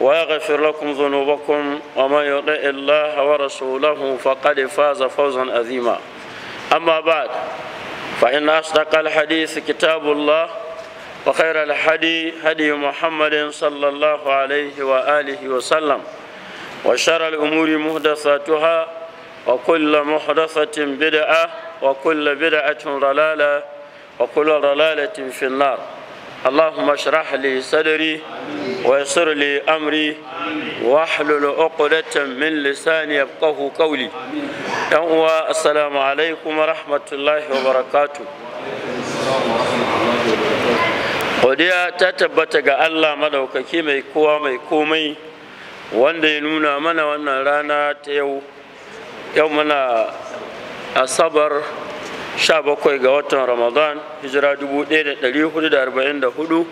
ويغفر لكم ذنوبكم ومن يطع الله ورسوله فقد فاز فوزا عظيما أما بعد فإن أصدق الحديث كتاب الله وخير الحدي هدي محمد صلى الله عليه وآله وسلم وشر الأمور محدثاتها وكل محدثة بدعة وكل بدعة ضلالة وكل ضلالة في النار اللهم اشرح لي صدري ويسر لي امري واحلل عقدة من لساني يفقه قولي يوم السلام عليكم ورحمة الله وبركاته godiya ta tabbata ga Allah madaukaki mai kowa mai komai wanda ya nuna mana wannan rana ta yau yau muna asabar 17 ga watan ramadan hijira 1444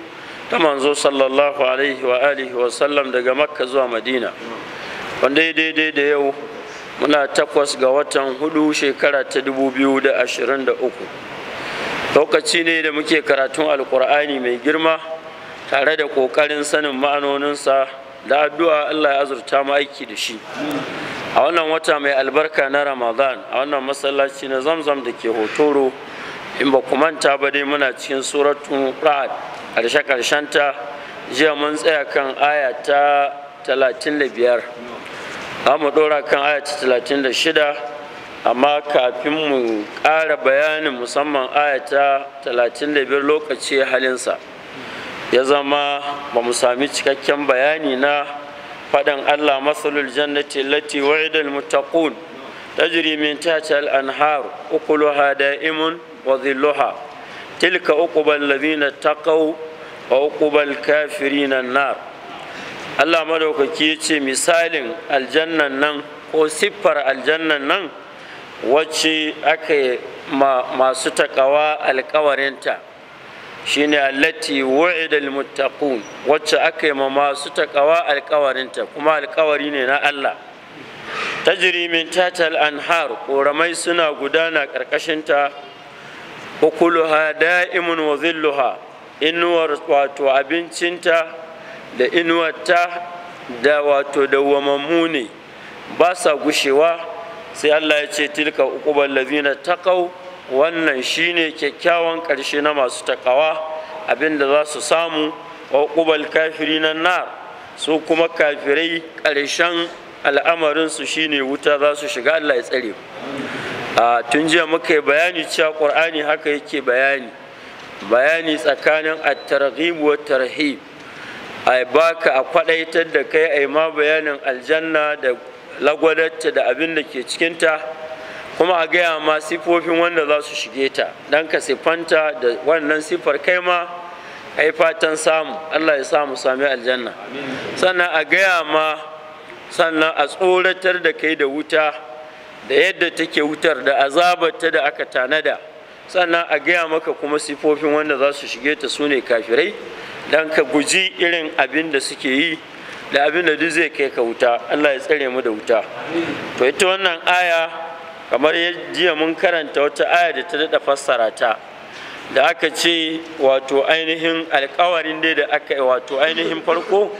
ta manzo sallallahu alaihi wa alihi wa sallam daga makka zuwa madina wanda daidai da yau muna takwas ga watan hudu shekara ta 2023 lokaci ne da muke karatun alkur'ani mai girma tare da ƙoƙarin sanin ma'anoninsa da addu'a allah ya azurta mu aiki da shi a wannan wata mai albarka na ramadan a wannan masallaci na zamzam da ke hotoro in ba kumanta manta ba dai muna cikin suratun ra'ad ƙarshe ta, jiya mun tsaya kan aya ta 35 za mu ɗora kan aya ta 36 amma kafin mu ƙara bayanin musamman aya ta 35 lokaci halinsa ya zama ba mu sami cikakken bayani na Faɗan Allah masalul jannati lati wa'ida almuttaqun tajri min tahtiha al-anhar ukuluha da'imun wa dhilluha tilka uqbal ladhina taqaw wa uqbal kafirin an-nar Allah madaukaki yace misalin aljannan nan ko siffar aljannan nan wacce aka ma masu takawa alkawarinta shine allati wu'ida almuttaqun wacce aka yi ma masu takawa alkawarinta kuma alkawari ne na Allah tajri min tatal anhar ƙoramai suna gudana karkashinta ukuluha da'imun wa zilluha inuwar wato abincinta da inuwarta da wato dawwamammu ne ba sa gushewa sai Allah ya ce tilka uqubal ladzina taqaw wannan shine kyakkyawan ƙarshe na masu takawa abinda za su samu wa ƙubal kafiri na nar su kuma kafirai ƙarshen al'amarinsu shine wuta za su shiga allah ya tsare a tun jiya muka yi bayani cewa ƙur'ani haka yake bayani bayani tsakanin at-targhib wa tarhib ai baka a kwadaitar da kai ai ma bayanin aljanna da lagwadarta da abin da ke cikinta kuma a gaya ma sifofin wanda za su shige ta don ka siffanta da wannan siffar kai ma a yi fatan samu allah ya samu sami aljanna sannan a gaya ma sannan a tsoratar da kai da wuta da yadda take wutar da azabata da aka tanada sannan a gaya maka kuma sifofin wanda za su shige ta su ne kafirai don ka guji irin abin da suke yi da abin da duk zai kai ka wuta allah ya tsare mu da wuta to ita wannan aya kamar jiya mun karanta wata aya da ta daɗa fassara ta da aka ce wato ainihin alkawarin dai da aka yi wato ainihin farko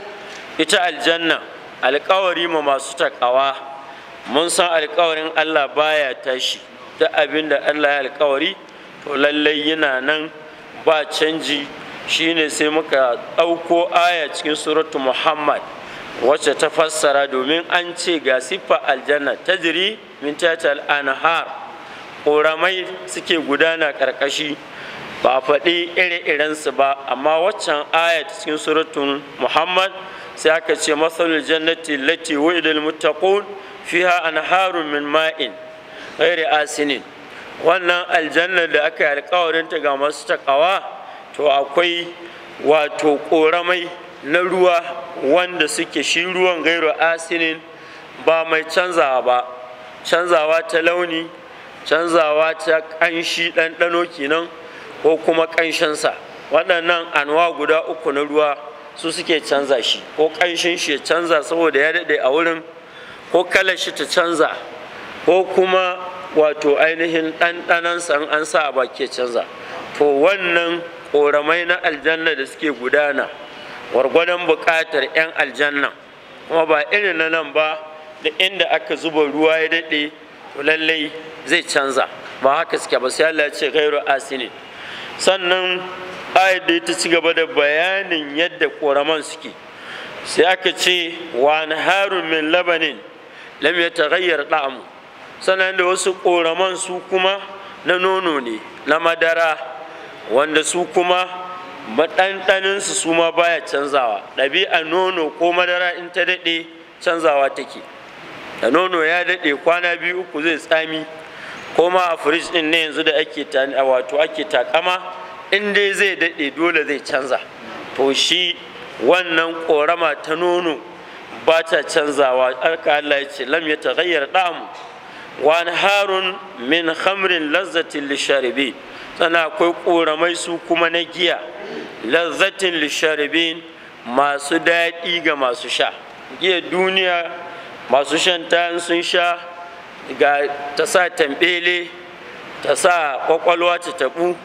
ita aljanna alkawari ma masu takawa mun san alkawarin allah baya tashi ta abin da allah ya alkawari to lallai yana nan ba canji shine sai muka ɗauko aya cikin suratu muhammad wacce ta fassara domin an ce ga siffa aljanna ta jiri min tatal anhar ƙoramai suke gudana ƙarƙashi ba a faɗi ire-irensu ba amma waccan ta cikin suratun muhammad sai aka ce masalul jannati lati wa'idal muttaqun fiha anharun min ma'in ghairi asinin wannan aljanna da aka yi alƙawarin ta ga masu takawa to akwai wato ƙoramai na ruwa wanda suke shi ruwan gairo asinin ba mai canzawa ba canzawa ta launi canzawa ta ƙanshi ɗanɗano kenan ko kuma ƙanshinsa waɗannan anwa guda uku na ruwa su suke canza shi ko ƙanshin shi ya canza saboda ya daɗe a wurin ko kalar shi ta canza ko kuma wato ainihin ɗanɗanansa in an sa a baki canza to wannan ƙoramai na aljanna da suke gudana gwargwadon buƙatar 'yan aljanna kuma ba irin na nan ba da inda aka zuba ruwa ya daɗe to lallai zai canza ba haka suke ba sai Allah ya ce gairu asini. sannan ayat da ta ci gaba da bayanin yadda ƙoraman suke sai aka ce wa harun min labanin lam ya taghayyar ta'amu sannan da wasu ƙoraman su kuma na nono ne na madara wanda su kuma maɗanɗaninsu su ma baya canzawa ɗabi'a nono ko madara in ta daɗe canzawa take da nono ya daɗe kwana biyu uku zai tsami ko ma a firij ɗin na yanzu da ake wato ake takama in dai zai daɗe dole zai canza to shi wannan ƙorama ta nono ba ta canzawa alka Allah ya ce lam ya gayyar ɗamu wani harun min khamrin lazzatin lisharibi sana akwai ƙoramai su kuma na giya lazzatin lisharibin masu daɗi ga masu sha giya duniya masu shan ta sun sha ga ta sa tambele ta sa kwakwalwa ta taɓu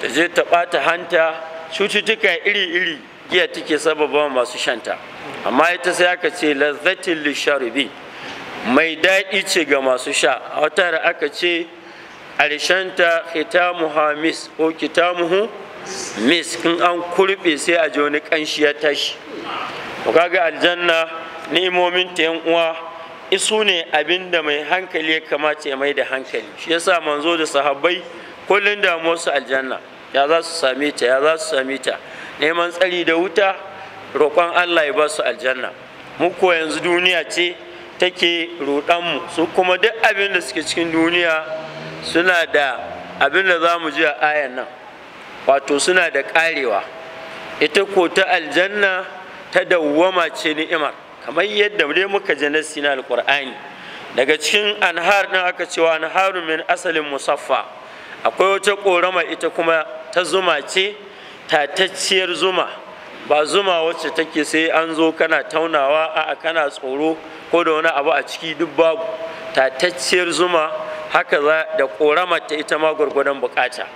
ta je ta ɓata hanta cututtuka iri-iri giya take sababa masu shanta amma ita sai aka ce lazzatin lisharibin mai daɗi ce ga masu sha a wata aka ce alishanta khitamu hamis ko kitamuhu mis in an kurɓe sai a joni kanshi ya tashi kaga aljanna ni'imomin ta yan uwa isu ne abinda mai hankali ya kamata ya mai da hankali shi yasa manzo da sahabbai kullun da su aljanna ya za su same ta ya za su same ta neman tsari da wuta roƙon Allah ya ba su aljanna mu ko yanzu duniya ce take ruɗan mu su kuma duk abin da suke cikin duniya suna da abin da za mu ji a ayan nan wato suna da ƙarewa ita ko ta aljanna ta dawwama ce ni'imar kamar yadda dai muka ji na na alqur'ani daga cikin anhar din aka cewa anharu min asalin musaffa akwai wata korama ita kuma ta zuma ce tatacciyar zuma ba zuma wacce take sai an zo kana taunawa a kana tsoro ko da wani abu a ciki duk babu tatacciyar zuma haka za da ta ita ma gwargwadon bukata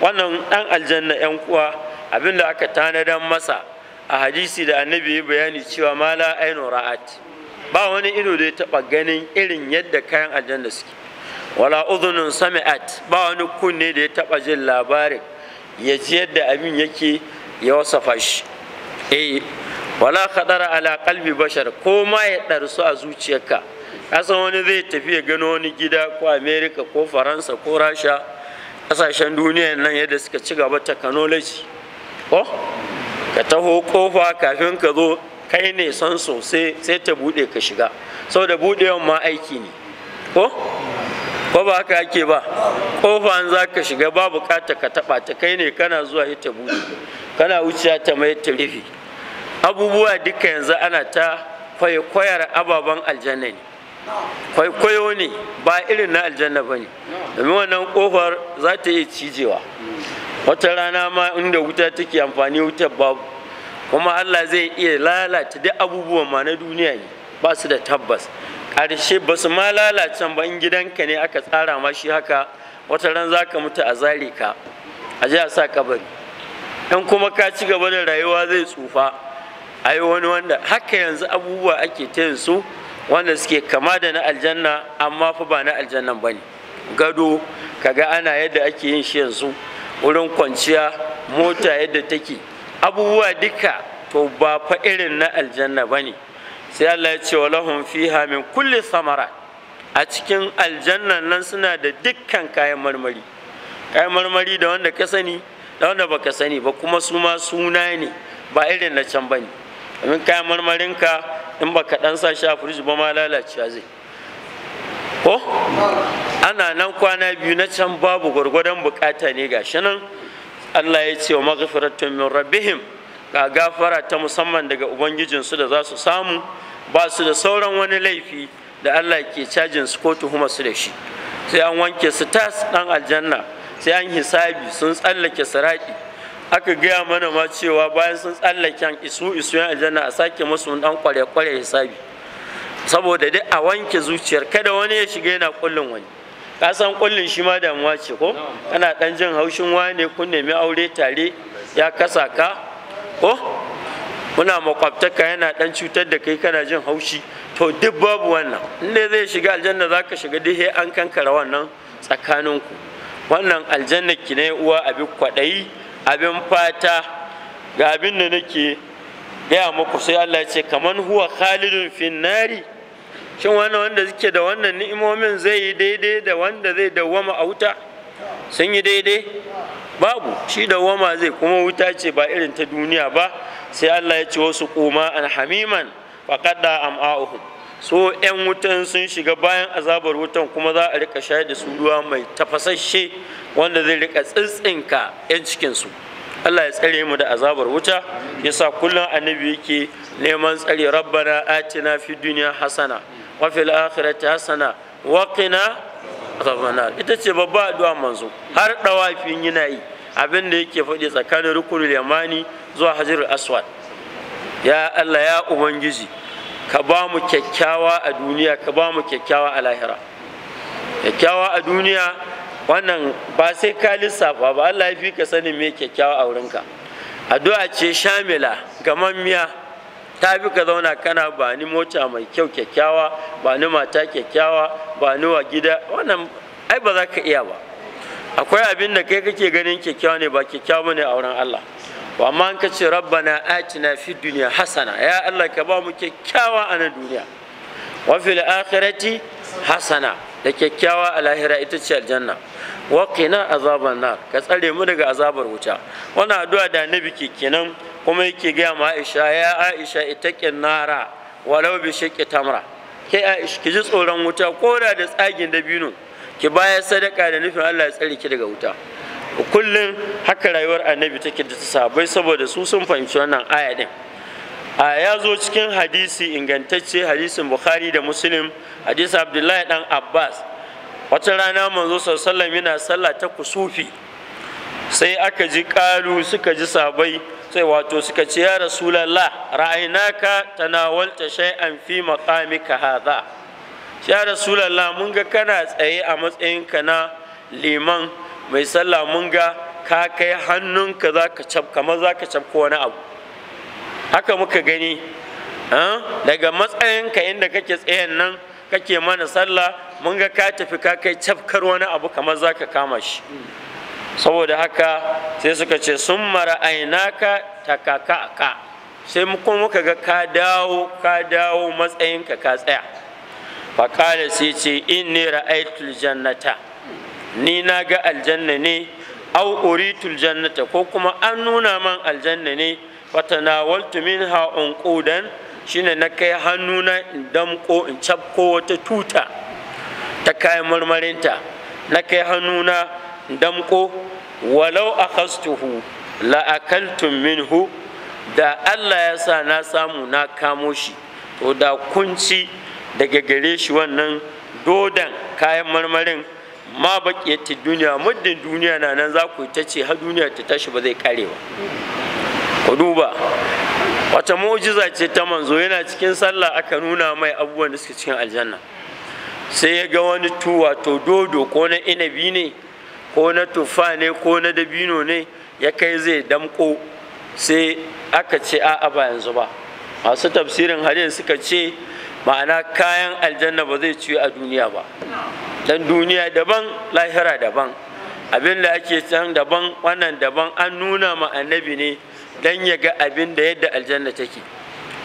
wannan dan aljanna 'yan kuwa abinda aka tanadan masa a hadisi da annabi ya bayani cewa mala ainu ra'at ba wani ido da ya taɓa ganin irin yadda kayan aljanna suke wala udhunun sami'at ba wani kunne da ya taba jin labarin ya ji yadda abin yake ya wasafa shi eh wala khadara ala qalbi bashar ko ma ya ɗarsu a zuciyarka kasan wani zai tafiya ya gano wani gida ko america ko faransa ko rasha kasashen duniya nan yadda suka ci gaba technology ko ka taho kofa kafin ka zo kai ne son sosai sai ta bude ka shiga saboda budewan ma aiki ne ko ko ba haka ake ba kofa za ka shiga ba bukata ka taba ta kai ne kana zuwa ita bude kana wuciya ta mai ta abubuwa duka yanzu ana ta kwayar ababen aljanna kwaikwayo ne ba irin na aljanna ba ne domin wannan kofar za ta iya cijewa wata rana ma inda wuta take amfani wutar babu kuma allah zai iya lalata duk abubuwan ma na duniya ne ba su da tabbas ƙarshe ba su ma lalacen ba in gidanka ne aka tsara ma shi haka wata ran za ka mutu a zare ka a ji a sa kabari in kuma ka ci gaba da rayuwa zai tsufa a yi wani wanda haka yanzu abubuwa ake ta yin su wanda suke kama da na aljanna amma fa ba na aljannan ba ne gado kaga ana yadda ake yin shi yanzu wurin kwanciya mota yadda take abubuwa duka to ba fa irin na aljanna ba ne sai allah ya ce wa fiha min kulli samara a cikin aljanna nan suna da dukkan kayan marmari kayan marmari da wanda ka sani da wanda baka sani ba kuma su ma suna ne ba irin na can ba ne domin kayan marmarinka in baka dan sa shi a firji ba ma lalacewa zai ko ana nan kwana biyu na can babu gwargwadon bukata ne ga shi nan Allah ya ce wa maghfiratun min rabbihim ga gafara ta musamman daga ubangijinsu da za su samu ba su da sauran wani laifi da Allah ke cajin su ko tuhuma su da shi sai an wanke su tas dan aljanna sai an hisabi sun tsallake saraki. aka gaya mana ma cewa bayan sun tsallaken isu isu yan aljanna a sake musu dan kware kware hisabi saboda dai a wanke zuciyar kada wani ya shiga yana kullun wani ka san kullun shi ma damuwa ce ko kana dan jin haushin wani kun nemi aure tare ya kasa ka ko muna makwabtaka yana dan cutar da kai kana jin haushi to duk babu wannan dai zai shiga aljanna zaka shiga duk an kankara wannan tsakaninku wannan aljanna ki ne uwa abi kwadayi abin fata ga abin da nake gaya muku sai Allah ya ce kaman huwa khalidun finnari shin wannan wanda suke da wannan ni'imomin zai yi daidai da wanda zai dawwama a wuta sun yi daidai babu shi dawwama zai kuma wuta ce ba irin ta duniya ba sai Allah ya ce wasu kuma an hamiman faqadda am'a'uhum so 'yan wutan sun shiga bayan azabar wutan kuma za a rika shayar da su ruwa mai tafasasshe wanda zai rika tsintsinka 'yan cikinsu Allah ya tsare mu da azabar wuta yasa kullum annabi yake neman tsare rabbana atina fi duniya hasana wa fil akhirati hasana wa qina azabannar ita ce babba addu'a manzo har dawafin yana yi abin da yake faɗi tsakanin rukunul yamani zuwa hajarul aswad ya Allah ya ubangiji ka ba mu kyakkyawa a duniya ka ba mu kyakkyawa a lahira kyakkyawa a duniya wannan ba sai ka lissafa ba Allah ya fi ka sanin me kyakkyawa a wurinka addu'a ce shamila miya. ta fi ka zauna kana ba ni mota mai kyau kyakkyawa ba ni mata kyakkyawa ba ni wa gida wannan ai ba za ka iya ba akwai abin da kai kake ganin kyakkyawa ne ba kyakkyawa ne a wurin Allah wa amma an kace rabbana atina fid dunya hasana ya Allah ka ba mu kyakkyawa a na duniya wa fil akhirati hasana da kyakkyawa a lahira ita ce aljanna wa qina azaban nar ka tsare mu daga azabar wuta wannan addu'a da annabi ke kenan kuma yake ga ma Aisha ya Aisha itaqin nara walau bi shiqqi tamra ke Aisha ki ji tsoron wuta ko da da tsagin dabino ki baya sadaka da nufin Allah ya tsare ki daga wuta kullum haka rayuwar annabi take da sabai saboda su sun fahimci wannan aya din a ya zo cikin hadisi ingantacce hadisin bukhari da muslim hadisi abdullahi dan abbas wata rana manzo sallallahu yana sallah ta kusufi sai aka ji kalu suka ji sabai sai wato suka ce ya rasulallah ra'ainaka tanawalta shay'an fi maqamika hadha ya rasulallah mun ga kana tsaye a matsayinka na liman mai sallah mun ga ka kai hannunka za ka cap kamar za ka cap wani abu haka muka gani daga matsayinka inda kake tsayen nan kake mana sallah mun ga ka tafi ka kai cafkar wani abu kamar za ka kama shi saboda haka sai suka ce sun mara a ka sai kuma muka ga ka dawo ka dawo matsayinka ka tsaya kala sai ce in ne ra'aytul jannata ni na ga aljanna ne au uritul jannata ko kuma an nuna man aljanna ne fatanawaltu minha unqudan shine na kai na in damko in cafko wata tuta ta kayan marmarinta na kai na in damko walau akhastuhu la akaltum minhu da Allah ya sa na samu na kamo shi to da kunci daga gare shi wannan dodan kayan marmarin ma baqiyati duniya muddin duniya na nan za ku ta ce har duniya ta tashi ba zai kare ba ku duba wata mu'jiza ce ta manzo yana cikin sallah aka nuna mai abubuwan da suke cikin aljanna sai ya ga wani tuwa to dodo ko na inabi ne ko na tufa ne ko na dabino ne ya kai zai damko sai aka ce a'a ba yanzu ba masu tafsirin hadin suka ce ma'ana kayan aljanna ba zai ciye a duniya ba dan duniya daban lahira daban abin da ake can daban wannan daban an nuna ma annabi ne dan ya ga abin da yadda aljanna take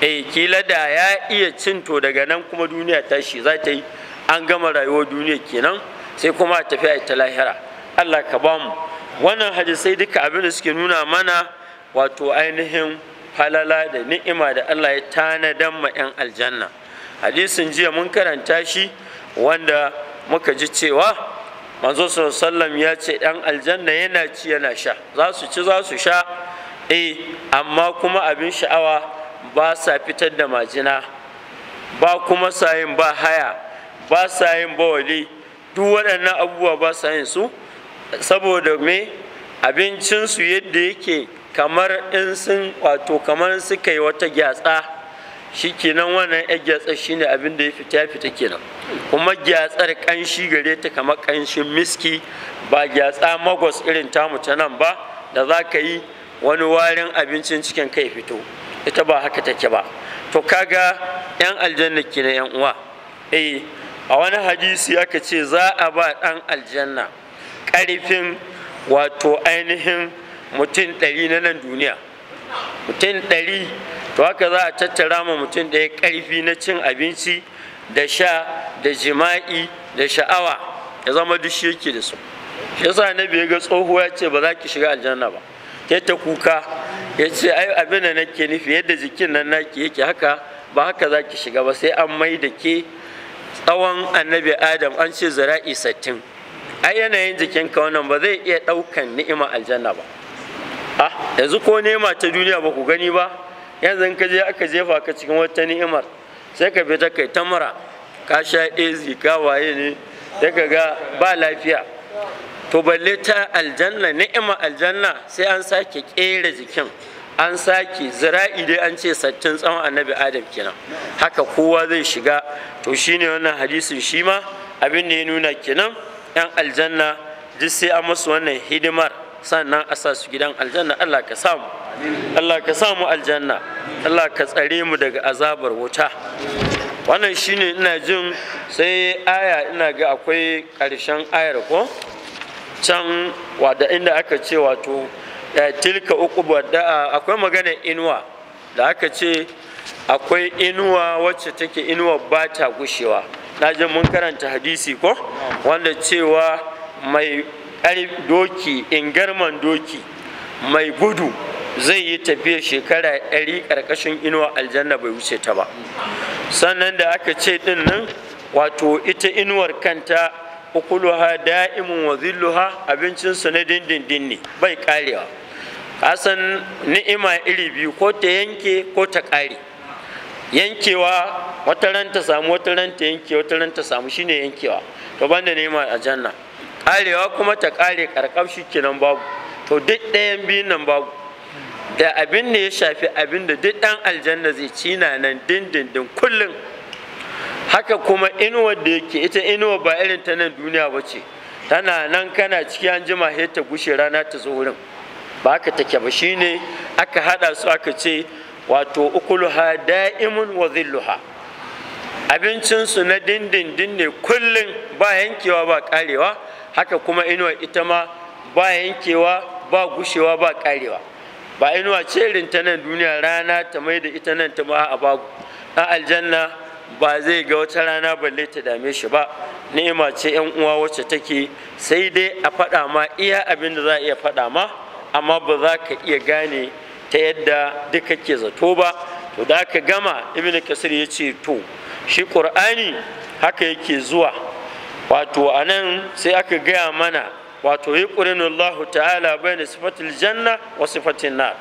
eh kila da ya iya cinto daga nan kuma duniya tashi za ta yi an gama rayuwar duniya kenan sai kuma a tafi a ta lahira Allah ka ba mu wannan hadisai duka abin da suke nuna mana wato ainihin falala da ni'ima da Allah ya tanadan ma 'yan aljanna hadisin jiya mun karanta shi wanda muka ji cewa manzo sallam ya ce ɗan aljanna yana ci yana sha za su ci za su sha eh amma kuma abin sha'awa ba sa fitar da majina ba kuma sayin ba haya ba sayin bawali duk waɗannan abubuwa ba sayin su saboda me abincinsu yadda yake kamar in sun wato kamar suka yi wata gyatsa shi kenan wannan yan gyatsar shine ne abin da ya fita fita kenan kuma gyatsar ƙanshi gare ta kamar ƙanshin miski ba gyatsa magos irin tamu ta nan ba da za ka yi wani warin abincin cikin kai fito ita ba haka take ba to kaga yan aljanna na yan uwa eh a wani hadisi aka ce za a ba ɗan aljanna ƙarfin wato ainihin mutum ɗari na nan duniya mutum ɗari to haka za a tattara ma mutum ɗaya ƙarfi na cin abinci da sha da jima'i da sha'awa ya zama duk shi yake da su shi yasa annabi ya ga tsohuwa ya ce ba za ki shiga aljanna ba ya ta kuka ya ce ai abin da nake nufi yadda jikin nan naki yake haka ba haka za ki shiga ba sai an mai da ke tsawon annabi adam an ce zira'i sattin a yanayin jikinka wannan ba zai iya ɗaukan ni'ima aljanna ba A ah, yanzu ko nema ta duniya ba ku gani ba yanzu ka je aka jefa ka cikin wata ni'imar sai ka fita kai ta mura ka sha ezi ka waye ne sai ka ga ba lafiya to balle ta aljanna ni'ima aljanna sai an sake kera jikin an sake zira'i dai an ce sattin tsawon annabi adam kenan haka kowa zai shiga to shine wannan hadisin shi ma abin da ya nuna kenan yan aljanna duk sai an musu wannan hidimar sannan a sa su gidan aljanna Allah ka samu Allah ka samu aljanna Allah ka tsare mu daga azabar wuta wannan shine ina jin sai aya ina ga akwai ƙarshen ayar ko can wada inda aka ce wato tilka uku wadda akwai magana inuwa da aka ce akwai inuwa wacce take inuwa ba ta gushewa na jin mun karanta hadisi ko wanda cewa mai doki ingarman doki mai gudu zai yi tafiya shekara ɗari ƙarƙashin inuwa aljanna bai wuce ta ba sannan da aka ce ɗin nan wato ita inuwar kanta ukuluha da'imun wa zilluha abincinsu na dindindin ne bai karewa kasan ni'ima iri biyu ko ta yanke ko ta kare yankewa wata ranta samu wata ranta yanke wata ranta samu shine yankewa to banda ni'ima a janna karewa kuma ta kare karkab shi kenan babu to duk ɗayan biyun nan babu da abin da ya shafi abin da duk ɗan aljanna zai ci na nan dindindin kullum haka kuma inuwar da yake ita inuwa ba irin ta nan duniya ba ce tana nan kana ciki an jima ta gushe rana ta zo wurin ba haka take ba shine aka hada su aka ce wato ukuluha da'imun wa zilluha abincinsu na dindindin ne kullum ba yankewa ba karewa haka kuma inuwa ita ma ba yankewa ba gushewa ba karewa ba inuwa ce ta nan duniya rana ta mai da ita nan ta ma a babu a aljanna ba zai ga wata rana balle ta dame shi ba ni'ima ce yan uwa wacce take sai dai a faɗa ma iya abin da za a iya faɗa ma amma ba za ka iya gane ta yadda duka ke zato ba to da aka gama ibn kasir ya ce to shi ƙur'ani haka yake zuwa wato a nan sai aka gaya mana wato yi Allah ta'ala bai da sifatil janna wa sifatin nar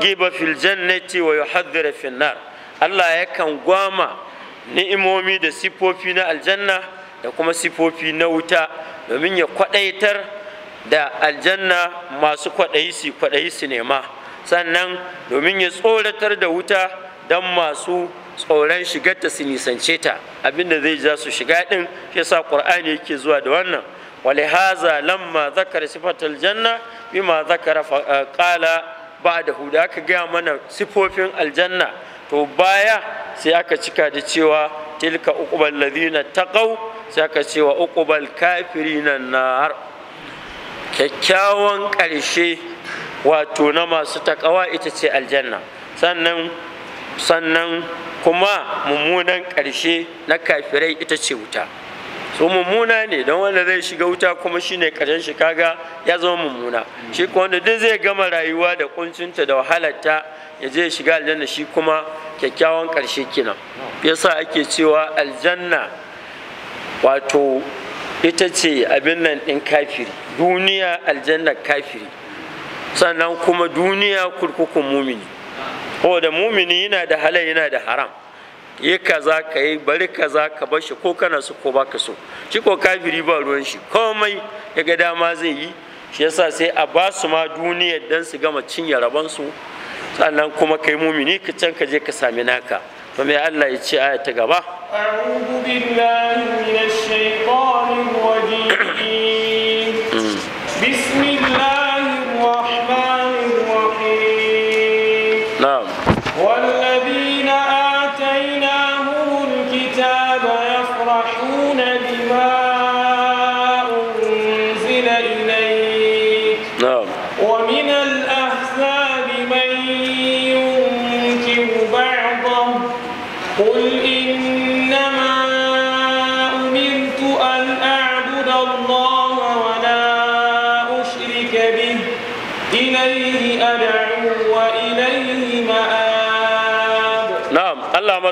giba fil jannati wa yuhadhdhira fil nar Allah yakan gwama ni'imomi da sifofi na aljanna da kuma sifofi na wuta domin ya kwaɗaitar da aljanna masu kwaɗayi su kwaɗayi su nema sannan domin ya tsoratar da wuta don masu tsoron shigar ta su nisance ta abinda zai ja su shiga ɗin. shi yasa qur'ani yake zuwa da wannan haza ولهذا لما ذكر janna الجنة بما ذكر قال بعده da aka gaya mana sifofin aljanna to baya sai aka cika da cewa tilka uqbal ladina taqaw sai aka cewa uqbal kafirina nar kyakkyawan ƙarshe wato na masu takawa ita ce aljanna sannan sannan kuma mummunan ƙarshe na kafirai ita ce wuta so mummuna ne don wanda zai shiga wuta kuma shine ƙarshen shi kaga ya zama mummuna shi kuma wanda duk zai gama rayuwa da kuncinta da wahalarta ya je shiga aljanna shi kuma kyakkyawan ƙarshe kenan yasa ake cewa aljanna wato ita ce abin nan ɗin kafiri duniya aljanna kafiri sannan kuma duniya kurkukun mumini da mumini yana da halal yana da haram yi kaza ka yi bari kaza ka bar shi ko kana so ko baka so shi ko kafiri ba ruwan shi komai ya ga dama zai yi shi yasa sai a ba su ma duniyar dan su gama cinye rabon su sannan kuma kai mumini ka can ka je ka sami naka to mai Allah ya ce aya ta gaba a'udhu billahi minash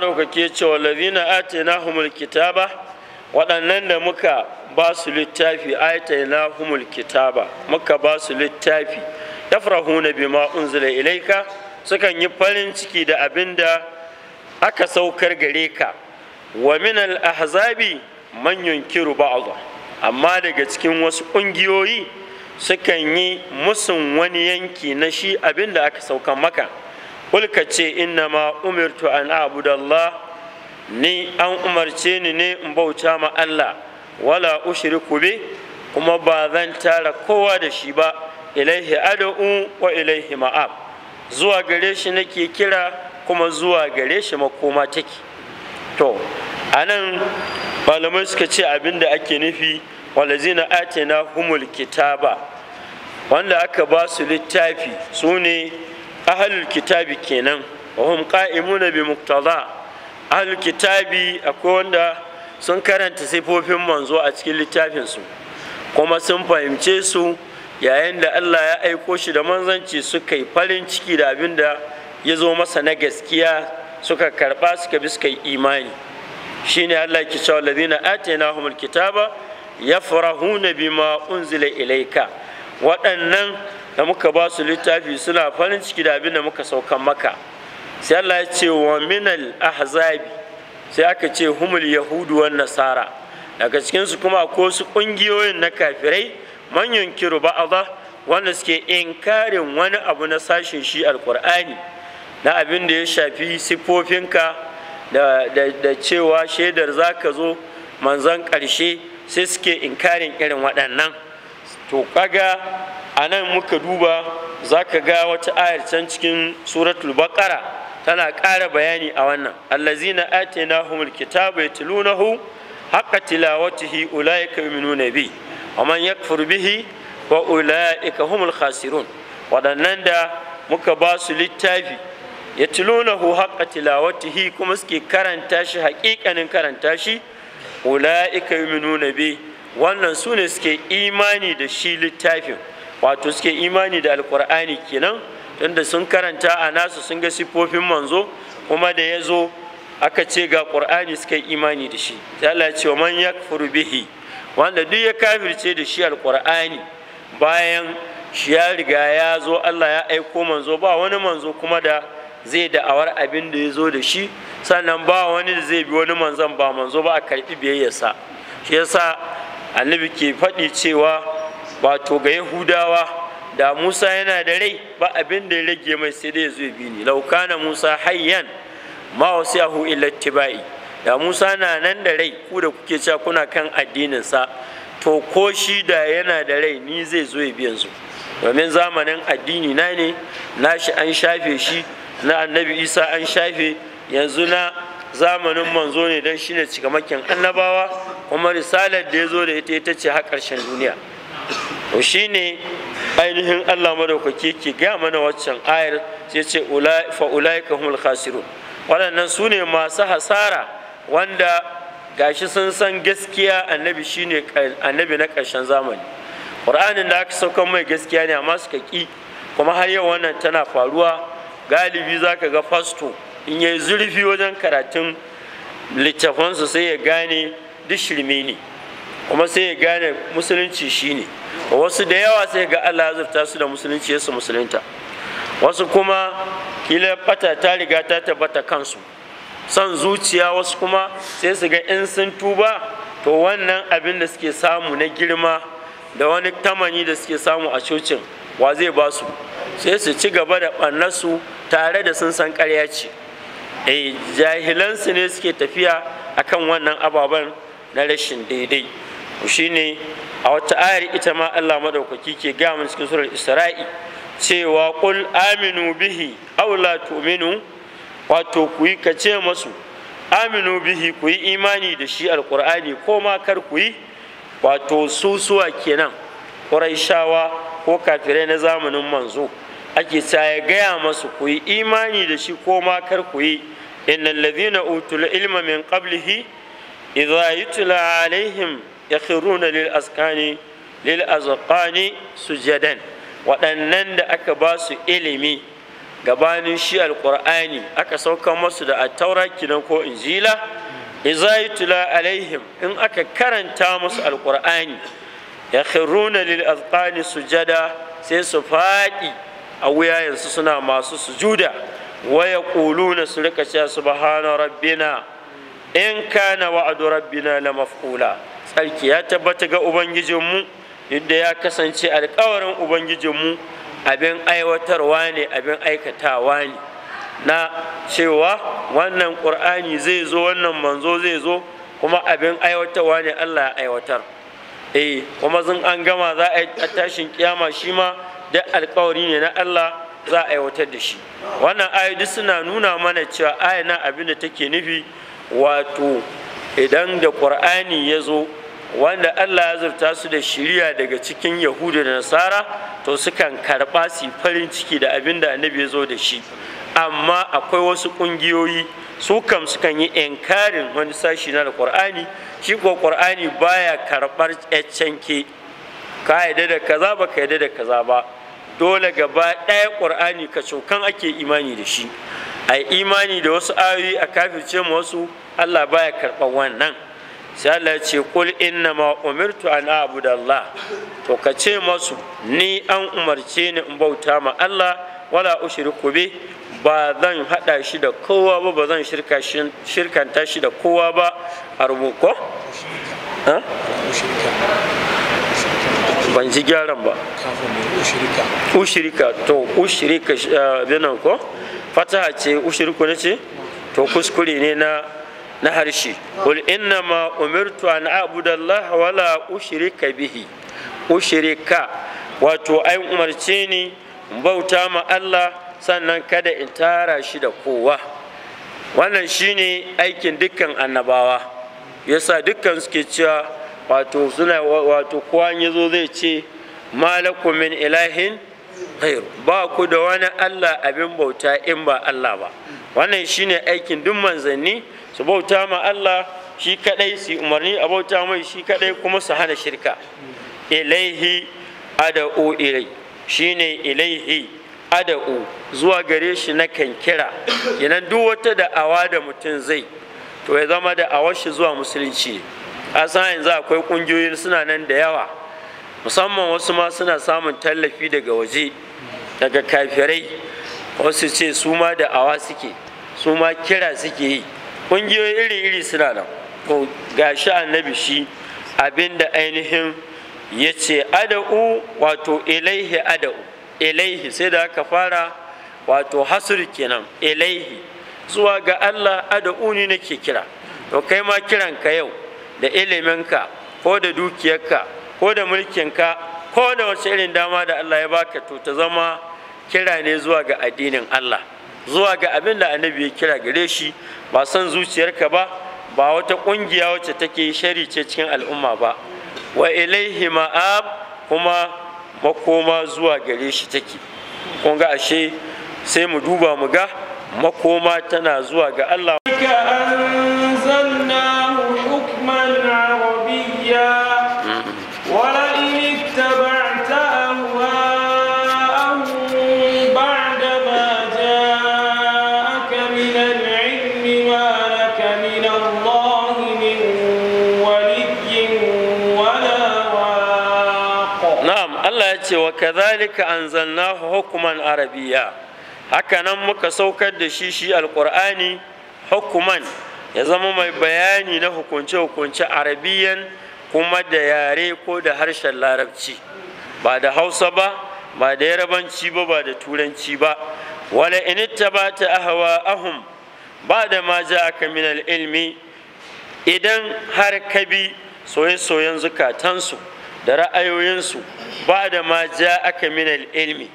maɗaukaki ya ce wallazina atainahumul kitaba waɗannan da muka ba su littafi atainahumul kitaba muka ba su littafi yafrahuna bima unzila ilaika sukan yi farin ciki da abin da aka saukar gare ka wa min al-ahzabi man yunkiru ba'd amma daga cikin wasu ƙungiyoyi sukan yi musun wani yanki na shi abin da aka saukan maka ka ce inna ma umirtu an Allah ni an umarce ni ne in bauta ma Allah wala ushriku bi kuma ba zan tara kowa da shi ba ilaihi ad'u wa ilaihi ma'ab zuwa gare shi nake kira kuma zuwa gare shi makoma take to anan malamai suka ce abinda ake nufi walazina atina humul kitaba wanda aka ba su littafi su ne ahlul kitabi kenan wahum qa'imuna bi muqtada ahlul kitabi akwai wanda sun karanta sifofin manzo a cikin littafin su kuma sun fahimce su yayin da Allah ya aiko shi da manzanci suka yi farin ciki da abin da ya zo masa na gaskiya suka karba suka bi suka yi imani shine Allah ki cewa ladina atainahumul kitaba yafrahuna bima unzila ilayka waɗannan da muka ba su littafi suna farin ciki da abin da muka saukan maka sai Allah ya ce wa minal ahzabi sai aka ce humul yahudu wan nasara daga cikin su kuma ko su kungiyoyin na kafirai man yunkiru ba'dha wanda suke inkarin wani abu na sashin shi alqur'ani na abin da ya shafi sifofinka da, da, cewa shaidar zaka zo manzan ƙarshe sai suke inkarin irin waɗannan to kaga a nan muka duba za ka ga wata ayar can cikin suratul baqara tana ƙara bayani a wannan allazina atainahumul kitaba yatlunahu haqqa tilawatihi ulaika yu'minuna bi wa man yakfur bihi wa ulaika humul khasirun waɗannan da muka ba su littafi yatlunahu haqqa tilawatihi kuma suke karanta shi haƙiƙanin karanta shi ulaika yu'minuna bi wannan su ne suke imani da shi littafin wato suke imani da alkur'ani kenan tunda sun karanta a nasu sun ga siffofin manzo kuma da ya zo aka ce ga ƙur'ani suka imani da shi ta Allah ce wa man yakfuru bihi wanda duk ya kafirce da shi alkur'ani bayan shi ya riga ya zo Allah ya aiko manzo ba wani manzo kuma da zai da'awar abin da ya zo da shi sannan ba wani da zai bi wani manzon ba manzo ba a biyayya sa shi yasa annabi ke faɗi cewa wato ga yahudawa da musa yana da rai ba abin da ya rage mai sai dai zai bi ni laukana musa hayyan ma wasiyahu illa tibai da musa na nan da rai ku da kuke cewa kuna kan addininsa. to ko shi da yana da rai ni zai zo ya bi yanzu. domin zamanin addini na ne nashi an shafe shi na annabi isa an shafe yanzu na zamanin manzo ne don shi ne cikamakin annabawa kuma risalar da ya zo da ita ita ce har ƙarshen duniya to ne ainihin Allah madaukaki ke gaya mana waccan ayar sai ce fa ulaika humul khasirun waɗannan su ne masu hasara wanda gashi sun san gaskiya annabi shine annabi na ƙarshen zamani ƙur'anin da aka saukan mai gaskiya ne amma suka ƙi kuma har yau wannan tana faruwa galibi za ka ga fasto in yayi zurfi wajen karatun littafansu sai ya gane duk shirme ne kuma sai ya gane musulunci shine wasu da yawa sai ga Allah ya su da musulunci yasu musulunta wasu kuma kila fata ta riga ta tabbata kansu son zuciya wasu kuma sai su ga in sun tuba to wannan abin da suke samu na girma da wani tamani da suke samu a cocin wa zai ba su sai su ci gaba da ɓannarsu tare da sun san ƙarya ce eh jahilansu ne suke tafiya akan wannan ababen na rashin daidai shine a wata ayar ita ma Allah madaukaki ke ga mun cikin surar Isra'i cewa qul aminu bihi aw la tu'minu wato ku yi kace masu aminu bihi ku yi imani da shi alqur'ani ko ma kar ku yi wato susuwa kenan quraishawa ko kafirai na zamanin manzo ake ta ya gaya masu ku yi imani da shi ko ma kar ku yi innal ladhina utul ilma min qablihi idza yutla alaihim yakhruna lil azqani lil sujadan waɗannan da aka ba su ilimi gabanin shi Alƙur'ani, aka sauka masu da a attaura kinan ko injila izaitula alaihim in aka karanta musu alqur'ani yakhruna lil azqani sujada sai su faɗi a wuyayensu suna masu sujuda waya na su rika cewa subhana rabbina in kana wa'adu rabbina la maf'ula tsarki ya tabbata ga ubangijinmu yadda ya kasance alkawarin ubangijinmu abin aiwatarwa ne abin aikatawa ne na cewa wannan ƙur'ani zai zo wannan manzo zai zo kuma abin aiwatarwa ne allah ya aiwatar eh kuma zan an gama za a yi tashin kiyama shi ma da alkawari ne na allah za a aiwatar da shi wannan ayoyi suna nuna mana cewa ayana abin da take nufi wato idan da ƙur'ani ya zo wanda Allah ya zurta su da shiriya daga cikin Yahudu da Nasara to sukan karɓa su farin ciki da abinda annabi ya zo da shi amma akwai wasu ƙungiyoyi su kam sukan yi inkarin wani sashi na Qur'ani shi ko ƙur'ani baya karɓar canke ka yadda da kaza ba ka yadda da kaza ba dole gaba ɗaya ƙur'ani ka cokan ake imani da shi a imani da wasu ayoyi a kafirce wasu Allah baya karɓar wannan sai Allah ya ce qul inna ma umirtu an abuda Allah to ka ce masu ni an umarce ni in bauta ma Allah wala ushriku bi ba zan hada shi da kowa ba ba zan shirka shirkanta shi da kowa ba a ko ban ji gyaran ba ushirika to ushirika eh, binan ko fataha ce ushiriku ne ce to kuskure ne na na harshe qul inna ma umirtu an wa la ushrika bihi ushrika wato ai umarce ni bauta ma Allah sannan kada in tara shi da kowa wannan shine aikin dukkan annabawa yasa dukkan suke cewa wato suna wato kowa yazo zai ce malakum min ilahin ghairu ba ku da wani Allah abin bauta in ba Allah ba wannan shine aikin duk manzanni su bauta ma Allah shi kadai su umarni a bauta mai shi kadai kuma su hana shirka ilaihi ada'u ilai shine ilaihi ada'u zuwa gare shi na kan kira yanan duk wata da'awa da mutum zai to ya zama da'awar shi zuwa musulunci a yanzu akwai kungiyoyi suna nan da yawa musamman wasu ma suna samun tallafi daga waje daga kafirai wasu ce su ma da'awa suke su ma kira suke yi ƙungiyoyi iri-iri suna nan ga shi annabi shi abinda ainihin ya ce ada'u wato ilaihi ada'u ilaihi sai da aka fara wato hasur kenan ilaihi zuwa ga Allah ada'u ne nake kira to kai ma kiranka yau da iliminka ko da dukiyarka ko da mulkinka ko da wasu irin dama da Allah ya baka to ta zama kira ne zuwa ga addinin Allah zuwa ga abin da annabi ya kira gare shi ba san zuciyarka ba ba wata ƙungiya wacce take shari ce cikin al'umma ba wa ilaihi ma'ab kuma makoma zuwa gare shi take kun ga ashe sai mu duba mu ga makoma tana zuwa ga Allah wa kadhalika anzalnahu hukman arabiya haka nan muka saukar da shi shi alqur'ani hukuman ya zama mai bayani na hukunce hukunce arabiyan kuma da yare ko da harshen larabci ba da hausa ba ba da yarabanci ba ba da turanci ba wala in ittaba'ta ahum? ba da ma ja'aka min al-ilmi idan har ka bi soye-soyen zukatansu da ra'ayoyinsu ba da ma ja aka minal ilmi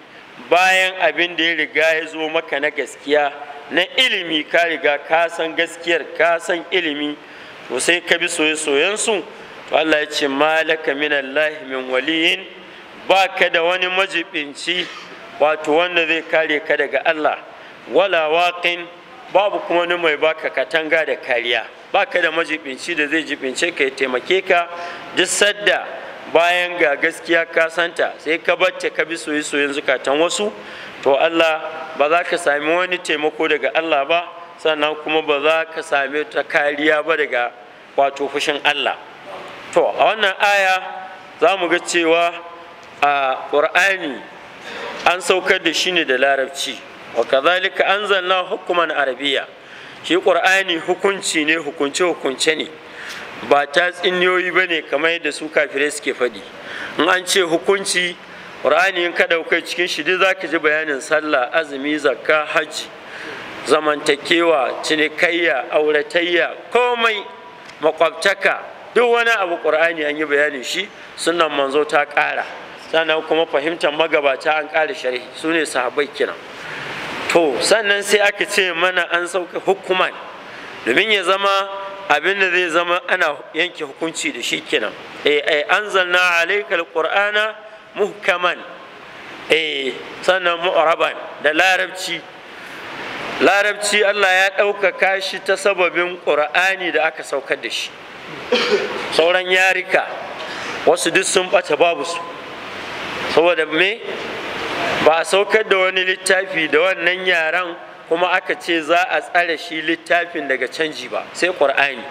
bayan abin da ya riga ya zo maka na gaskiya na ilimi ka riga ka san gaskiyar ka san ilimi to sai ka bi soyayensu soyensu to Allah ya ce malaka minallahi min waliyin ba ka da wani majibinci wato wanda zai kare ka daga Allah wala waqin babu kuma wani mai baka katanga da kariya baka da majibinci da zai jibince ka ya taimake ka duk sadda bayan ga gaskiya ka santa sai ka bacce ka bi soyayyen zukatan wasu to Allah ba za ka sami wani taimako daga Allah ba sannan kuma ba za ka sami ta kariya ba daga wato fushin Allah to a wannan aya za mu ga cewa a ƙur'ani an saukar da shi ne da larabci wa kazalika anzalna hukuman arabiya shi ƙur'ani hukunci ne hukunce hukunce ne ba ta tsinniyoyi ba ne kamar yadda su kafirai suke faɗi in an ce hukunci rani in ka ɗaukai cikin shi duk za ka ji bayanin sallah azumi zakka hajji zamantakewa cinikayya auratayya komai makwabtaka duk wani abu ƙur'ani an yi bayanin shi sunan manzo ta ƙara sannan kuma fahimtar magabata an ƙara sharhi su ne sahabai kenan to sannan sai aka ce mana an sauka hukuman domin ya zama Abin da zai zama ana yanke hukunci da shi kenan eh ai eh, anzalna alayka alqur'ana muhkaman eh sannan mu'raban da larabci larabci Allah ya ɗaukaka shi ta sababin qur'ani da aka saukar da shi sauran yarika wasu duk sun ɓata babu su saboda me ba a saukar da wani littafi da wannan yaran kuma aka ce za a tsare shi littafin daga canji ba sai ƙur'ani.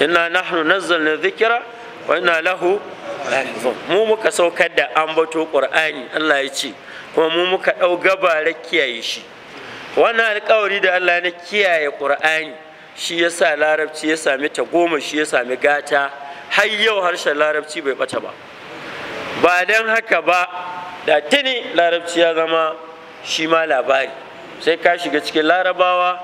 Ina nahnu na zikira wa inna lahu mu muka saukar da ambato ƙwar'ani Allah ya ce kuma mu muka ɗau gabarar kiyaye shi wannan alƙawari da Allah na kiyaye ƙwar'ani shi ya sa larabci ya sami ta goma shi ya sami gata har yau harshen larabci bai bata ba ba don haka ba da tuni larabci ya zama shi ma labari sai ka shiga cikin larabawa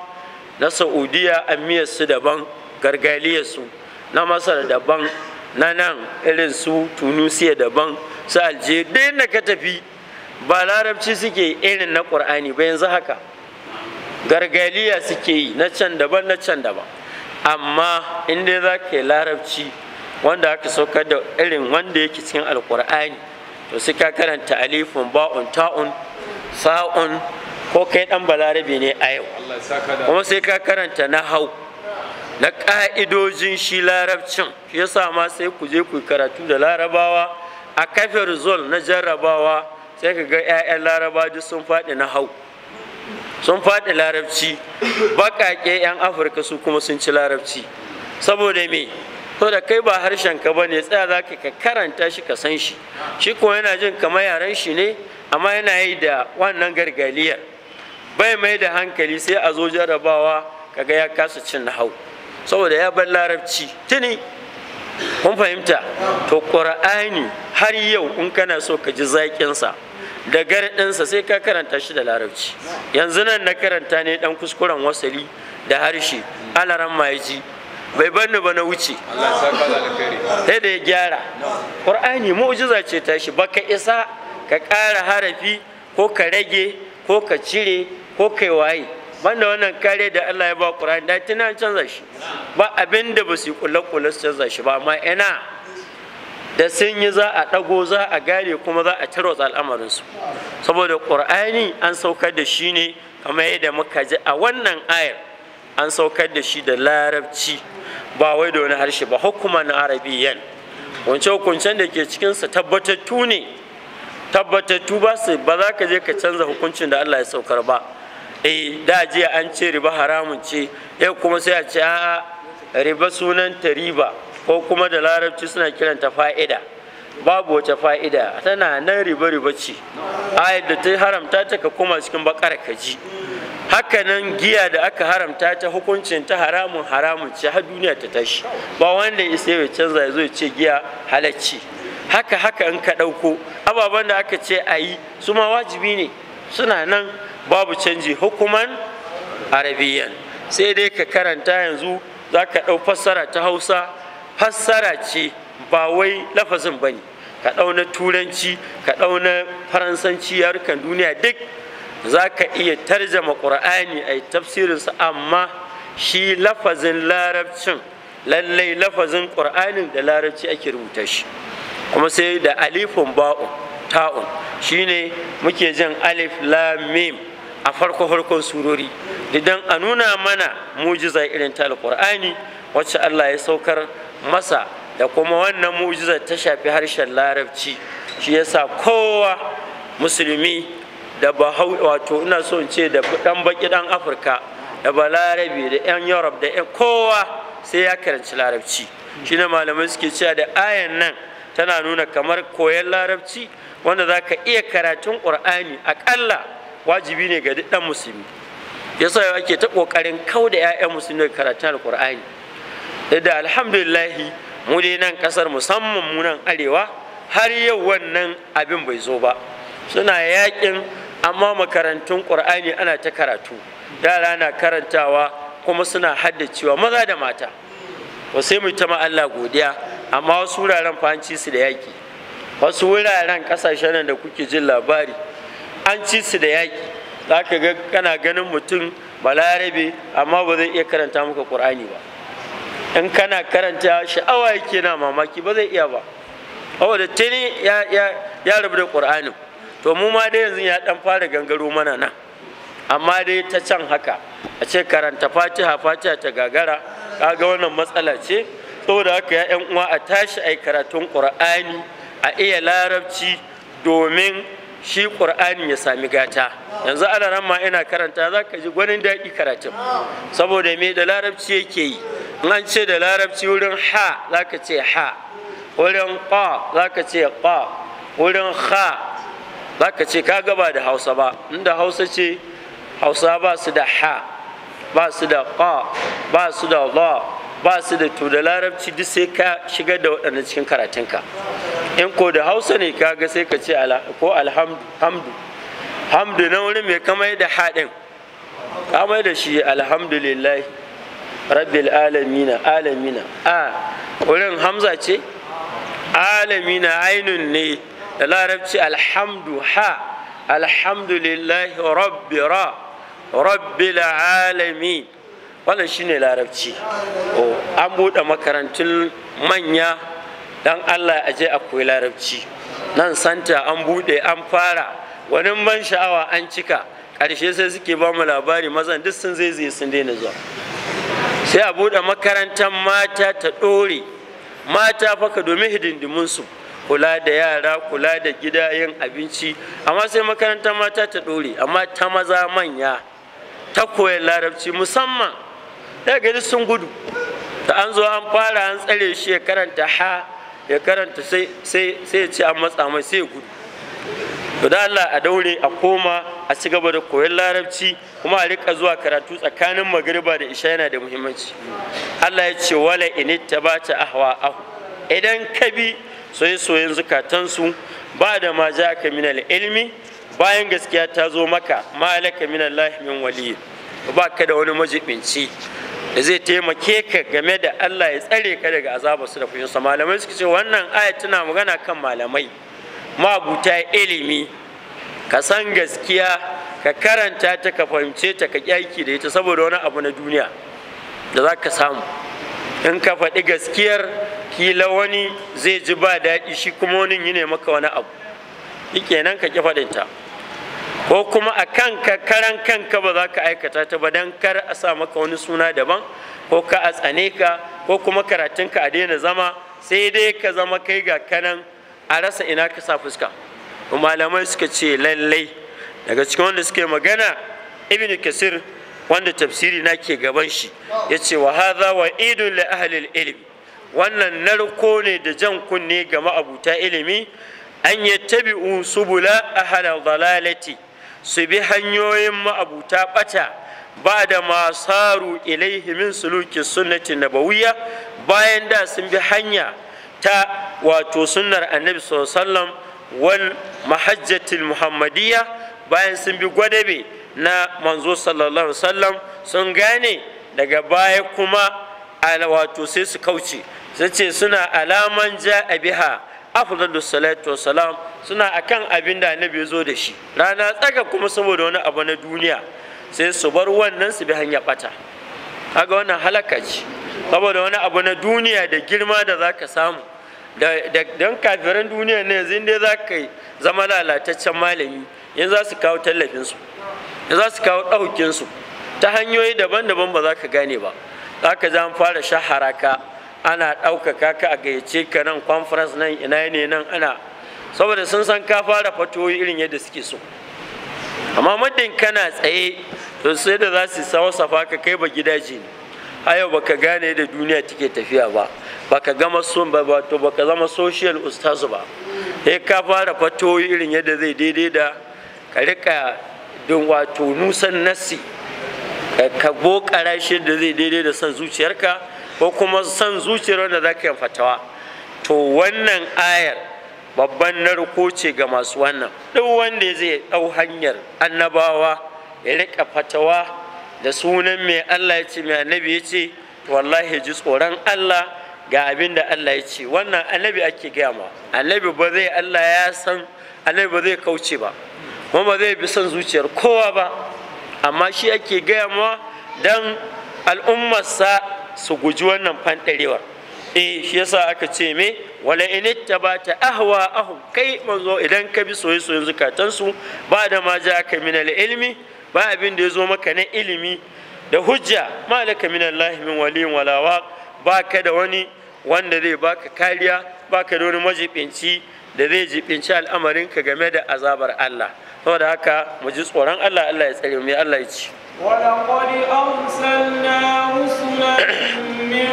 na saudiya su daban gargaliyarsu na masar daban na nan irin su tunisiya daban su algeria da ka tafi ba larabci suke irin na ƙur'ani ba yanzu haka gargaliya suke yi na can daban na can daban amma inda za ka yi larabci wanda aka saukar da irin wanda yake cikin alƙur'ani to sai ka karanta alifun ba'un ta'un sa'un ko kai dan balarabe ne a yau kuma sai ka karanta na hau na ka'idojin shi larabcin shi yasa ma sai ku je ku karatu da larabawa a kafe rizol na jarrabawa sai ka ga 'ya'yan laraba duk sun faɗi na hau sun faɗi larabci baƙaƙe 'yan afirka su kuma sun ci larabci saboda me to da kai ba harshen ka bane tsaya za ka karanta shi ka san shi shi kuma yana jin kamar yaren shi ne amma yana yi da wannan gargaliyar bai mai da hankali sai a zo jarabawa kaga ya kasa cin hau. saboda ya bar larabci tuni kun fahimta to ƙur'ani har yau in kana so ka ji zaƙinsa da garɗinsa sai ka karanta shi da larabci yanzu nan na karanta ne ɗan kuskuren wasali da harshe alaran maji bai banni ba na wuce sai da ya gyara ƙur'ani mu'jiza ce ta shi baka isa ka ƙara harafi ko ka rage ko ka cire ko kai waye banda wannan kare da Allah ya ba Qur'ani da tunan canza shi ba abin ba su kula kula su canza shi ba amma ina da sun yi za a dago za a gare kuma za a tarwatsa al'amarin su saboda Qur'ani an saukar da shi ne kamar yadda muka ji a wannan ayar an saukar da shi da larabci ba wai da wani harshe ba hukuman arabiyyan wance hukuncen da ke cikinsa tabbatattu ne tabbatattu ba su ba za ka je ka canza hukuncin da Allah ya saukar ba eh da jiya an ce riba haramun ce yau kuma sai a ce a'a riba sunan ta riba ko kuma da larabci suna kiran ta fa'ida babu wata fa'ida tana nan riba riba ce ayat da ta haramta ta ka koma cikin bakar kaji nan, giya da aka haramta ta hukuncin ta haramun haramun ce har duniya ta tashi ba wanda ya sai ya canza ya zo ya ce giya halacci haka haka in ka ɗauko ababen da aka ce a yi su ma wajibi ne suna nan babu canji hukuman arabiyan sai dai ka karanta yanzu za ka ɗau fassara ta hausa fassara ce ba wai lafazin ba ne ka ɗau na turanci ka ɗau na faransanci yarukan duniya duk za ka iya tarjama ƙur'ani a tafsirinsa amma shi lafazin larabcin lallai lafazin ƙur'ani da larabci ake rubuta shi kuma sai da alifun ba'un ta'un shine muke jin alif lam mim a farko farkon surori idan a nuna mana mujiza irin ta alƙur'ani wacce Allah ya saukar masa da kuma wannan mujizar ta shafi harshen larabci shi yasa kowa musulmi da bahau wato ina so ce da dan baki dan afirka da ba larabi da yan europe da kowa sai ya karanci larabci shi ne malamai suke cewa da ayan nan tana nuna kamar koyon larabci wanda za ka iya karatun ƙur'ani aƙalla wajibi ne ga duk ɗan musulmi yasa yau ake ta ƙoƙarin kau da 'ya'yan musulmi daga karatun alƙur'ani da alhamdulillahi mu dai nan ƙasar musamman mu nan arewa har yau wannan abin bai zo ba suna yaƙin amma makarantun ƙur'ani ana ta karatu yara na karantawa kuma suna haddacewa maza da mata ba sai mu ta ma Allah godiya amma wasu wuraren fahimci su da yaƙi wasu wuraren ƙasashen da kuke jin labari an ci su da yaƙi za ka ga kana ganin mutum balarabe amma ba zai iya karanta maka ƙur'ani ba in kana karanta sha'awa yake na mamaki ba zai iya ba da tuni ya rabu da ƙur'anin to mu ma dai yanzu ya ɗan fara gangaro mana nan amma dai ta can haka a ce karanta fatiha fatiha ta gagara kaga wannan matsala ce saboda haka ya yan uwa a tashi a karatun ƙur'ani a iya larabci domin shi ƙur'ani ya sami gata yanzu ana nan ma ina karanta za ka ji gwanin daɗi karatun saboda me da larabci yake yi in an ce da larabci wurin ha za ka ce ha wurin ƙa za ka ce ƙa wurin ha za ka ce ka gaba da hausa ba inda hausa ce hausa ba su da ha ba su da ƙa ba su da la ba su da to da larabci duk sai ka shiga da waɗannan cikin karatunka in ko da hausa ne ka ga sai ka ce ko alhamdu hamdu na wuri mai kamar da haɗin kamar da shi alhamdulillah rabbil alamina alamina a wurin hamza ce alamina ainun ne da larabci alhamdu ha alhamdulillah rabbi ra rabbil alamin wannan shine larabci an buɗe makarantun manya dan allah a je a koyi larabci nan santa an buɗe an fara wani ban sha'awa an cika Karshe sai suke ba mu labari mazan duk sun zai sun daina zuwa sai a buɗe makarantar mata ta ɗore mata faka domin su kula da yara kula da gida yin abinci amma sai makarantar mata ta ɗore amma ta maza manya ta koyar larabci musamman daga gari sun gudu ta an zo an fara an tsare shi ya karanta ha ya karanta sai ya ce an matsa mai sai ya gudu to da Allah a daure a koma a ci gaba da koyon larabci kuma a rika zuwa karatu tsakanin magariba da isha yana da muhimmanci Allah ya ce wala initta ba ta ahwa ahu idan ka bi soye-soyen zukatansu ba da ma ja ka minal ilmi bayan gaskiya ta zo maka ma alaka minal lahimin wali ba ka da wani majibinci da zai taimake ka game da Allah ya tsare ka daga azabarsu da fushinsa malamai suka ce wannan aya tana magana kan malamai mabuta ilimi ka san gaskiya ka karanta ta ka fahimce ta ka kyaki da ita saboda wani abu na duniya da za ka samu in ka faɗi gaskiyar kila wani zai ji ba daɗi shi kuma wani yi ne maka wani abu kenan ka ƙi faɗinta ko kuma a kanka karan kanka ba za ka aikata ta ba don kar a sa maka wani suna daban ko ka a tsane ka ko kuma karatunka a daina zama sai dai ka zama kai ga kanan a rasa ina ka sa fuska malamai suka ce lallai daga cikin wanda suke magana ibn kasir wanda tafsiri na ke gaban shi ya ce wa haza wa idun li ahlil ilimi? wannan narko ne da jan kunne ga ma'abuta ilimi an yattabi'u subula ahlal dalalati su bi hanyoyin ma'abuta ɓata ba da masaru ilaihi min suluki sunnati nabawiyya bayan da sun bi hanya ta wato sunnar annabi sallam wal mahajjatil muhammadiyya bayan sun bi gwadabe na manzo sallallahu sallam sun gane daga baya kuma wato sai su kauce su ce suna alaman ja'a biha afdalu salatu wassalam suna akan abin da annabi zo da shi rana tsaka kuma saboda wani abu na duniya sai su bar wannan su bi hanya bata kaga wannan halaka ce saboda wani abu na duniya da girma da ka samu da don kafiran duniya ne yanzu inda za ka zama lalataccen malami yanzu za su kawo tallafinsu yanzu za su kawo ɗaukinsu ta hanyoyi daban-daban ba za ka gane ba za ka an fara shahara ka ana ɗaukaka ka a gayyace ka nan conference nan ina ne nan ana saboda sun san ka fara fatoyi irin yadda suke so amma muddin kana tsaye to sai da za su sawa safa ka kai ba gidaje ne a yau baka gane da duniya take tafiya ba baka gama son ba to baka zama social ustazu ba E, ka fara fatoyi irin yadda zai daidai da ka rika don wato nusan nasi ka bokara shi da zai daidai da son zuciyarka ko kuma son zuciyar wanda za ka yi fatawa to wannan ayar babban narko ce ga masu wannan duk wanda zai ɗau hanyar annabawa ya riƙa fatawa da sunan mai allah ya ce mai annabi ya ce wallahi ji tsoron allah ga abin da allah ya ce wannan annabi ake gaya ma annabi ba zai allah ya san annabi ba zai kauce ba kuma ba zai bi son zuciyar kowa ba amma shi ake gaya ma don al'ummarsa su guji wannan fanɗarewar E, shi yasa aka ce me wala in ta ahwa ahum kai manzo idan ka bi soyayya soyayya zukatansu ba da ma ja ka min ilmi ba abin da yazo maka na ilimi da hujja malaka min Allah min wali wala wa ka da wani wanda zai baka kariya Ba ka da wani majibinci da zai jibinci ka game da azabar Allah saboda haka mu ji tsoron Allah Allah ya tsare mu Allah ya ci ولقد أرسلنا رسلا من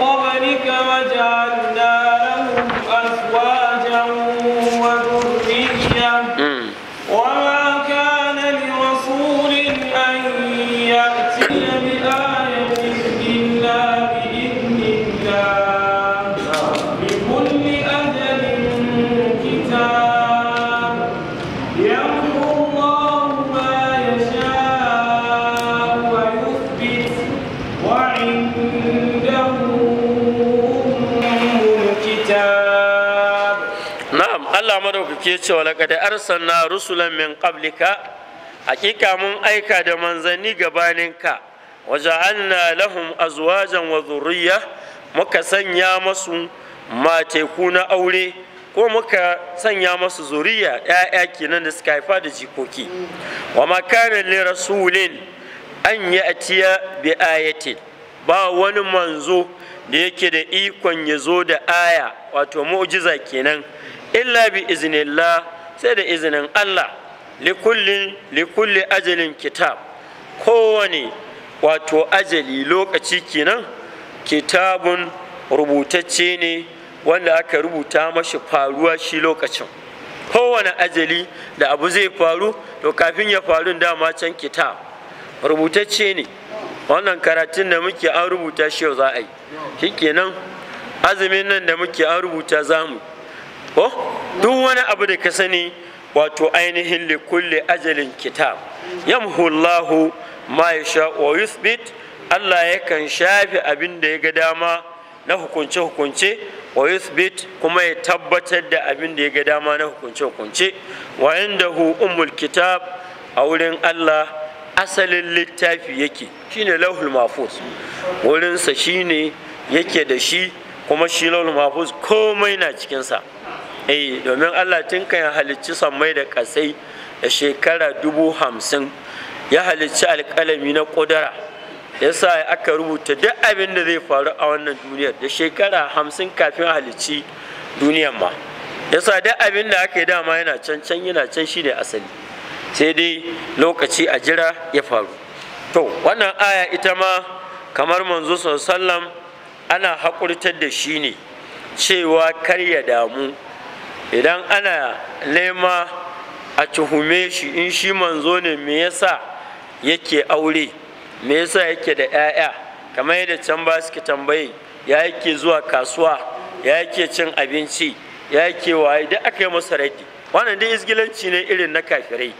قبلك وجعلنا لهم ke ce wa laƙadai na rusulan min ƙablika hakika mun aika da manzanni gabaninka wa ja'alna lahum azwajan wa zurriya muka sanya masu mateku na aure ko muka sanya masu zuriya ‘ya'ya kenan da suka haifa da jikoki wa makanin li rasulin an yi atiya bi ayatin ba wani manzo da yake da ikon ya zo da aya wato mu'jiza kenan illa bi iznillah sai da izinin Allah likulli ajalin kitab kowane wato ajali lokaci kenan kitabun rubutacce ne wanda aka rubuta mashi faruwa shi lokacin kowane ajali da abu zai faru to kafin ya faru dama can kitab rubutacce ne wannan karatun da muke an rubuta shi yau za a yi kenan azumin nan da muke an rubuta zamu ko duk wani abu da ka sani wato ainihin likulli kulli ajalin kitab yamhu ma yasha wa yuthbit Allah yakan shafi abin da ya ga dama na hukunce hukunce wa yuthbit kuma ya tabbatar da abin da ya ga dama na hukunce hukunce wa hu ummul kitab a wurin Allah asalin littafi yake shine lauhul mahfuz wurinsa shine yake da shi kuma shi lauhul mahfuz komai na cikinsa eh domin Allah tun kan halicci sammai da kasai da shekara dubu hamsin ya halicci alƙalami na ƙudura ya sa aka rubuta duk abin da zai faru a wannan duniyar da shekara hamsin kafin halicci duniyar ma ya sa duk abin da aka yi dama yana can can yana can shi ne asali sai dai lokaci a jira ya faru to wannan aya ita ma kamar manzo sallam ana haƙurtar da shi ne cewa kar ya damu idan ana nema a tuhume shi in shi manzo ne me yasa yake aure me yasa yake da 'ya'ya kamar yadda can ba suke tambaye ya yake zuwa kasuwa ya yake cin abinci ya yake waye duk aka yi masa raki wannan dai isgilanci ne irin na kafirai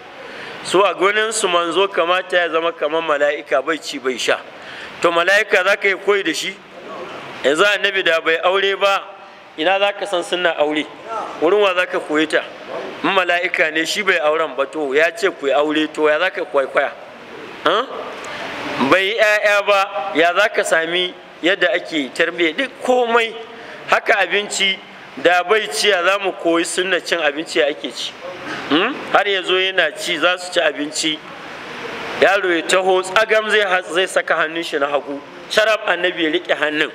su a gonin su manzo kamata ya zama kamar mala'ika bai ci bai sha to mala'ika za ka yi koyi da shi yanzu annabi da bai aure ba ina za ka san suna aure wurin wa za ka koyi ta in mala'ika ne shi bai auren ba to ya ce ku aure to ya za ka kwaikwaya bai ya'ya ba ya za ka sami yadda ake tarbiyya duk komai haka abinci da bai ya za mu koyi suna cin abinci ya ake ci hmm? har ya zo yana ci za su ci abinci yaro ya taho tsagam zai saka hannun shi na hagu sharaf annabi ya riƙe hannun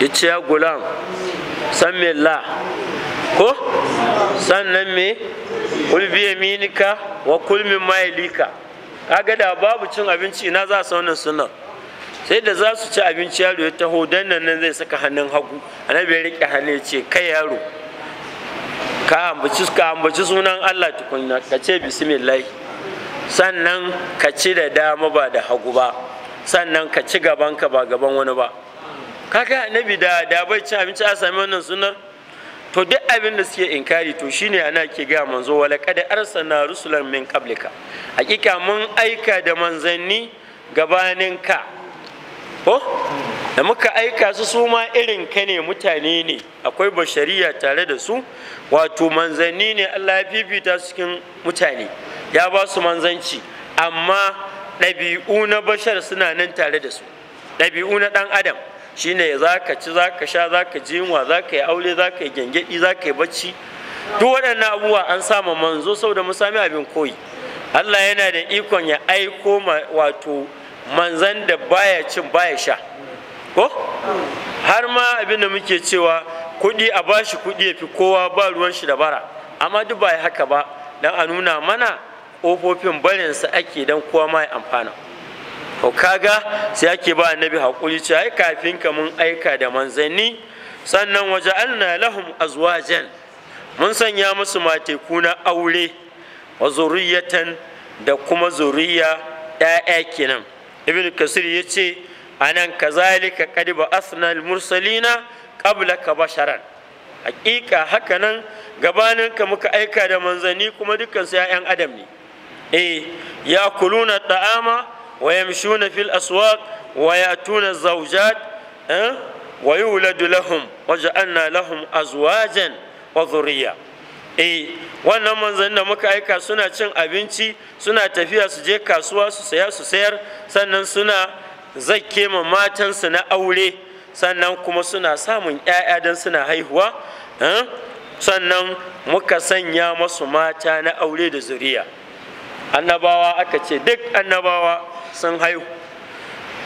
yace ya gulam san me la ko sannan me kul minika wa kul min mailika kaga da babu cin abinci ina za su wannan sunan sai da za su ci abinci yaro ya taho dan nan nan zai saka hannun hagu annabi ya rike hannu ya ce kai yaro ka ambaci ka ambaci sunan Allah tukunna ka ce bismillah sannan ka ci da dama ba da hagu ba sannan ka ci gaban ka ba gaban wani ba kaga annabi da da bai cin abinci a sami wannan sunnar to duk abin da suke inkari to shine ana ke ga manzo wala kad arsalna rusulan min qablika hakika mun aika da manzanni gabanin ka ko da muka aika su su ma irin ka ne mutane ne akwai bashariya tare da su wato manzanni ne Allah ya fifita su cikin mutane ya ba su manzanci amma ɗabi'u na bashar suna nan tare da su ɗabi'u na ɗan adam shine za ka ci za ka sha za ka jinwa za ka yi aure za ka yi gyangyaɗi za ka yi bacci duk waɗannan abubuwa an sama manzo saboda mu sami abin koyi Allah yana da ikon ya aiko wato manzan da baya cin baya sha ko har ma abin da muke cewa kuɗi a bashi kuɗi ya fi kowa ba ruwan shi da bara amma duk ba haka ba dan a nuna mana ƙofofin barinsa ake dan kowa ma ya amfana ko kaga sai ake ba annabi hakuri ce ai kafin ka mun aika da manzanni sannan waja'alna lahum azwajan mun sanya musu mateku na aure wa zuriyatan da kuma zuriya ɗaya kenan ibn kasir ya ce anan kazalika qad ba'athna al-mursalina ka basharan hakika hakanan gabanin ka muka aika da manzanni kuma dukkan su 'ya'yan adam ne eh ya kuluna ta'ama wa yamshuna fil aswaq wa yatuna zawjat wa yuladu lahum waja'alna lahum eh wannan manzanni da muka aika suna cin abinci suna tafiya su je kasuwa su saya su sayar sannan suna zakke ma matansu na aure sannan kuma suna samun 'ya'ya don suna haihuwa sannan muka sanya masu mata na aure da zuriya annabawa aka ce duk annabawa sun haihu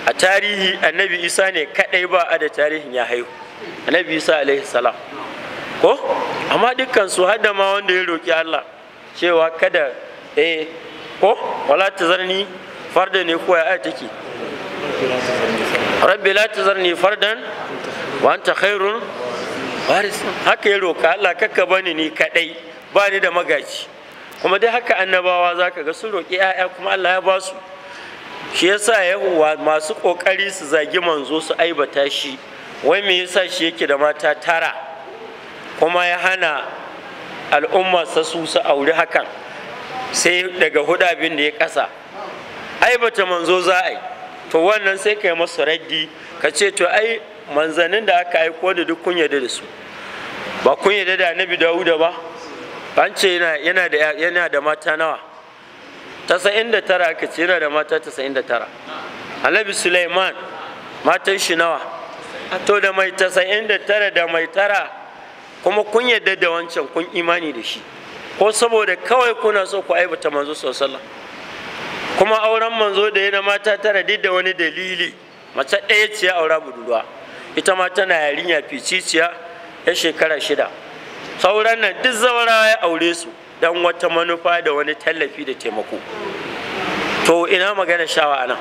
a tarihi annabi isa ne kadai ba a da tarihin ya haihu annabi isa alaihi salam ko amma dukkan su hadda ma wanda ya roki Allah cewa kada eh ko wala tazarni farda ne ko ya take rabbi la tazarni fardan wa anta khairun waris haka ya roka Allah kakka bani ni kadai bani da magaji kuma dai haka annabawa zaka ga sun roki 'ya'ya kuma Allah ya ba su shi yasa yawa masu kokari su zagi manzo su aibata shi wai me yasa shi yake da mata tara kuma ya hana al'umma sa su su auri hakan sai daga hudabin da ya kasa aibata manzo za a yi to wannan sai ka yi masu raddi ka ce to ai manzannin da aka aiko da duk kun yarda da su ba kun yarda da annabi dawuda ba an ce yana da mata nawa Tasa'in da tara, aka ce yana da mata tasa'in tara alabi suleiman matan shi nawa to da mai tasa'in da tara da mai tara kuma kun yadda da wancan kun imani da shi ko saboda kawai kuna so ku aibata manzo sallallahu kuma auren manzo da yana mata tara duk da wani dalili mace ɗaya ce aura budurwa ita ma tana yarinya ficiciya ya shekara shida sauran nan duk zawarawa ya aure su dan wata manufa da wani tallafi da taimako to ina magana shawa nan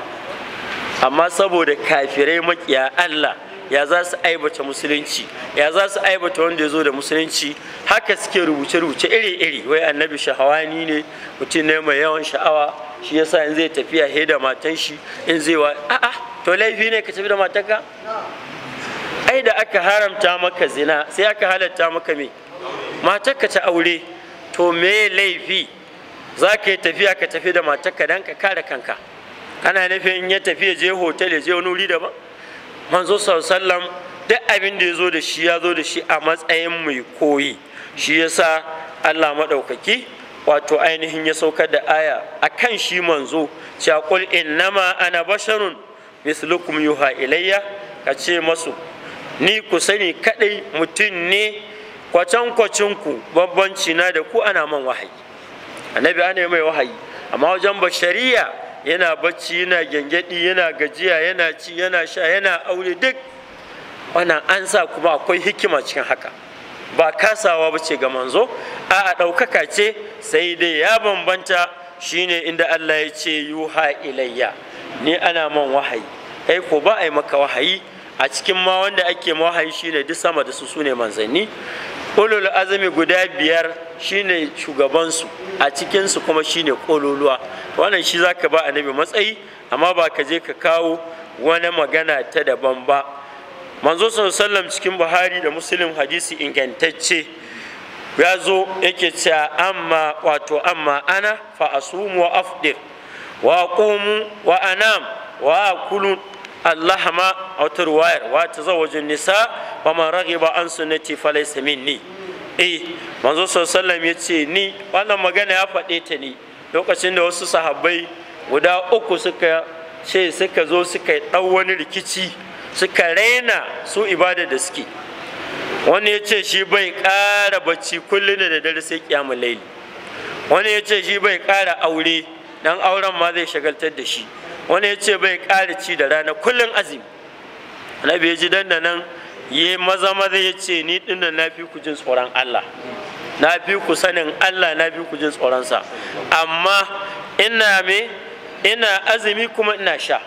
amma saboda kafirai makiya Allah ya za su aibata musulunci ya za su aibata wanda ya zo da musulunci haka suke rubuce-rubuce iri-iri wai annabi shahawani ne mutum ne mai yawan sha'awa shi ya sa in zai tafiya he da matan shi in zai wa a'a to laifi ne ka tafi da matanka ai da aka haramta maka zina sai aka halatta maka me ka ta aure to me laifi za ka yi tafiya ka tafi da matarka don ka kare kanka kana nufin ya tafi ya je hotel ya je wani wuri daban manzo sallam duk abin da ya zo da shi ya zo da shi a matsayin mai koyi shi yasa allah maɗaukaki wato ainihin ya saukar da aya a kan shi manzo cewa qul innama ana basharun mislukum yuha ilayya ka ce masu ni ku sani kadai mutum ne kwacin ku bambanci na da ku ana man wahayi annabi ana mai wahayi amma wajen ba shari'a yana bacci yana gyangyaɗi yana gajiya yana ci yana sha yana aure duk wannan an sa kuma akwai hikima cikin haka ba kasawa ba ce ga manzo a ɗaukaka ce sai dai ya bambanta shine inda allah ya ce yuha ilayya ni ana man wahayi kai ko ba a maka wahayi a cikin ma wanda ake wahayi shine duk sama da su sune manzanni ulul azumi guda biyar shine shugabansu a cikinsu kuma shine kololuwa wannan shi za ka ba annabi matsayi amma ba ka je ka kawo wani magana ta daban ba manzo sallam cikin buhari da muslim hadisi ingantacce ya zo yake cewa amma wato amma ana fa asumu wa afdir wa aqumu wa anam wa kulun اللحم أو تروار وتزوج النساء وما رغب عن سنتي فليس مني eh manzo sallallahu ya ce ni wannan magana ya faɗe ta ne lokacin da wasu sahabbai guda uku suka ce suka zo suka ɗau wani rikici suka raina su ibada da suke wani ya ce shi bai ƙara bacci kullum da dare sai kiyamul wani ya ce shi bai ƙara aure dan auren ma zai shagaltar da shi wani ya ce bai ƙara ci da rana kullum azumi annabi ya ji nan ya maza maza ya ce ni da na fi ku jin tsoron Allah na fi ku sanin Allah na fi ku jin tsoronsa amma ina me ina azumi kuma ina sha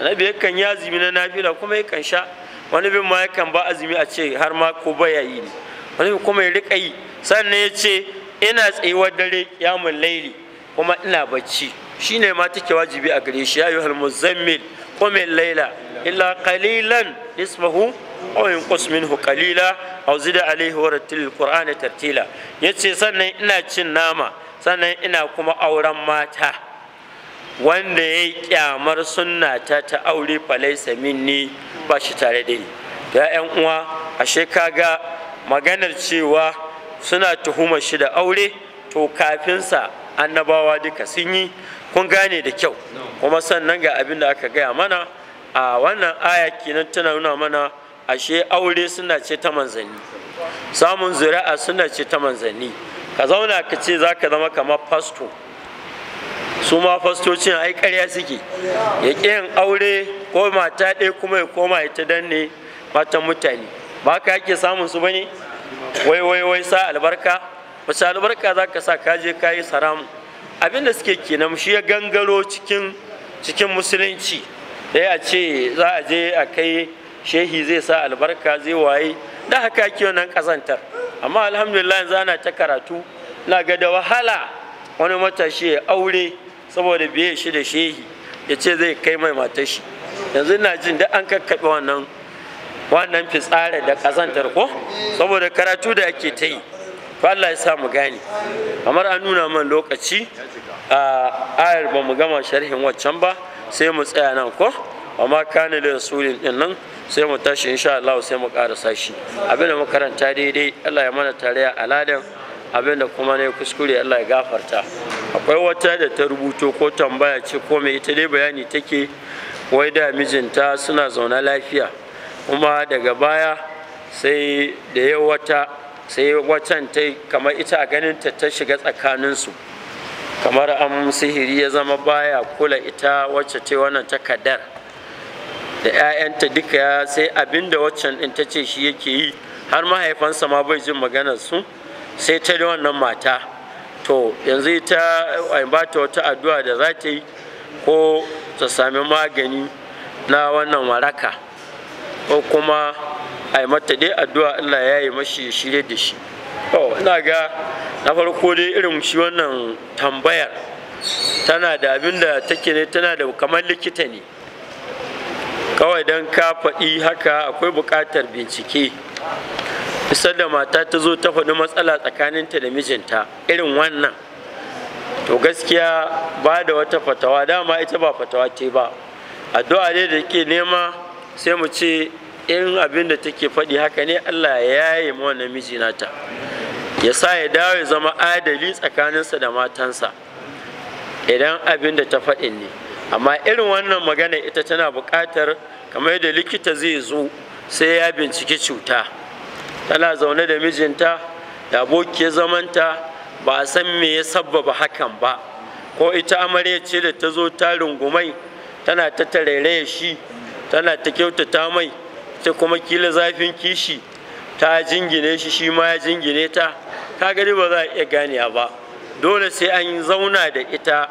annabi yakan yi azumi na nafila kuma yakan sha wani bin ma yakan ba azumi a ce har ma ko baya yi ne wani bin kuma ya rika yi sannan ya ce ina tsayuwar dare yamun laili kuma ina bacci Shi ne ma take wajibi a gare shi ayyuhal muzammil qum al-laila illa qalilan nisfahu aw yanqus minhu qalila aw zida alayhi wa rattil al-qur'ana tartila yace sannan ina cin nama sannan ina kuma auren mata wanda ya kyamar sunna ta ta aure falaisa minni ba shi tare da ni ya yan uwa ashe kaga maganar cewa suna tuhumar shi da aure to kafinsa annabawa duka sun yi kun gane da kyau kuma sannan ga abin da aka gaya mana a wannan aya kenan tana nuna mana ashe aure suna ce ta manzanni samun zuri'a suna ce ta manzanni ka zauna ka ce za ka zama kamar fasto su ma fastocin ai ƙarya suke ya yin aure ko mata ɗaya kuma ya koma ya ta danne matan mutane ba ka ake samun su bane wai wai wai sa albarka wace albarka za ka sa kaje kayi saramu abinda suke kenan shi ya gangaro cikin musulunci sai a ce za a je a kai shehi zai sa albarka zai waye da haka ake wannan kazantar amma alhamdulillah yanzu ana ta karatu na ga da wahala wani matashi ya aure saboda biye shi da shehi ya ce zai kai mai matar shi yanzu ina jin da an kakkaɓe wannan wannan da kazantar ko saboda karatu da ake ta yi to Allah ya sa mu gane kamar an nuna man lokaci a ayar ba mu gama sharhin waccan ba sai mu tsaya nan ko amma kana da rasulin din nan sai mu tashi insha Allah sai mu karasa shi abin da makaranta daidai Allah ya mana tare a aladan abin da kuma ne kuskure Allah ya gafarta akwai wata da ta rubuto ko tambaya ce ko mai ita dai bayani take wai da mijinta suna zauna lafiya kuma daga baya sai da ya wata sai watan ta kamar ita ganin ta ta shiga tsakaninsu kamar an sihiri ya zama baya kula ita wacce ce wannan ta kadar da 'ya'yanta duka sai abinda da waccan ɗin ta ce shi yake yi har mahaifansa ma bai jin maganar su sai ta da wannan mata to yanzu ita ba ta wata addu'a da za ta yi ko ta sami magani na wannan waraka ko kuma a yi mata dai addu'a Allah ya yi mashi shirye da shi to ina ga na farko dai irin shi wannan tambayar tana da abin da take ne tana da kamar likita ne kawai dan ka faɗi haka akwai buƙatar bincike isar da mata ta zo ta faɗi matsala tsakaninta da mijinta irin wannan to gaskiya ba da wata fatawa dama ita ba fatawa ce ba addu'a ne da ke nema sai mu ce in abin da take faɗi haka ne Allah ya yi ma wannan miji nata ya sa ya dawo zama adali tsakaninsa da matansa idan abin da ta faɗi ne amma irin wannan magana ita tana buƙatar kamar yadda likita zai zo sai ya binciki cuta tana zaune da mijinta da abokiyar zamanta ba a san me ya sabbaba hakan ba ko ita amarya ce da ta zo ta rungumai tana ta tarere shi tana ta kyautata mai ita kuma kila zafin kishi ta jingine shi shi ma ya jingine ta ka gani ba za a iya ganiya ba dole sai an zauna da ita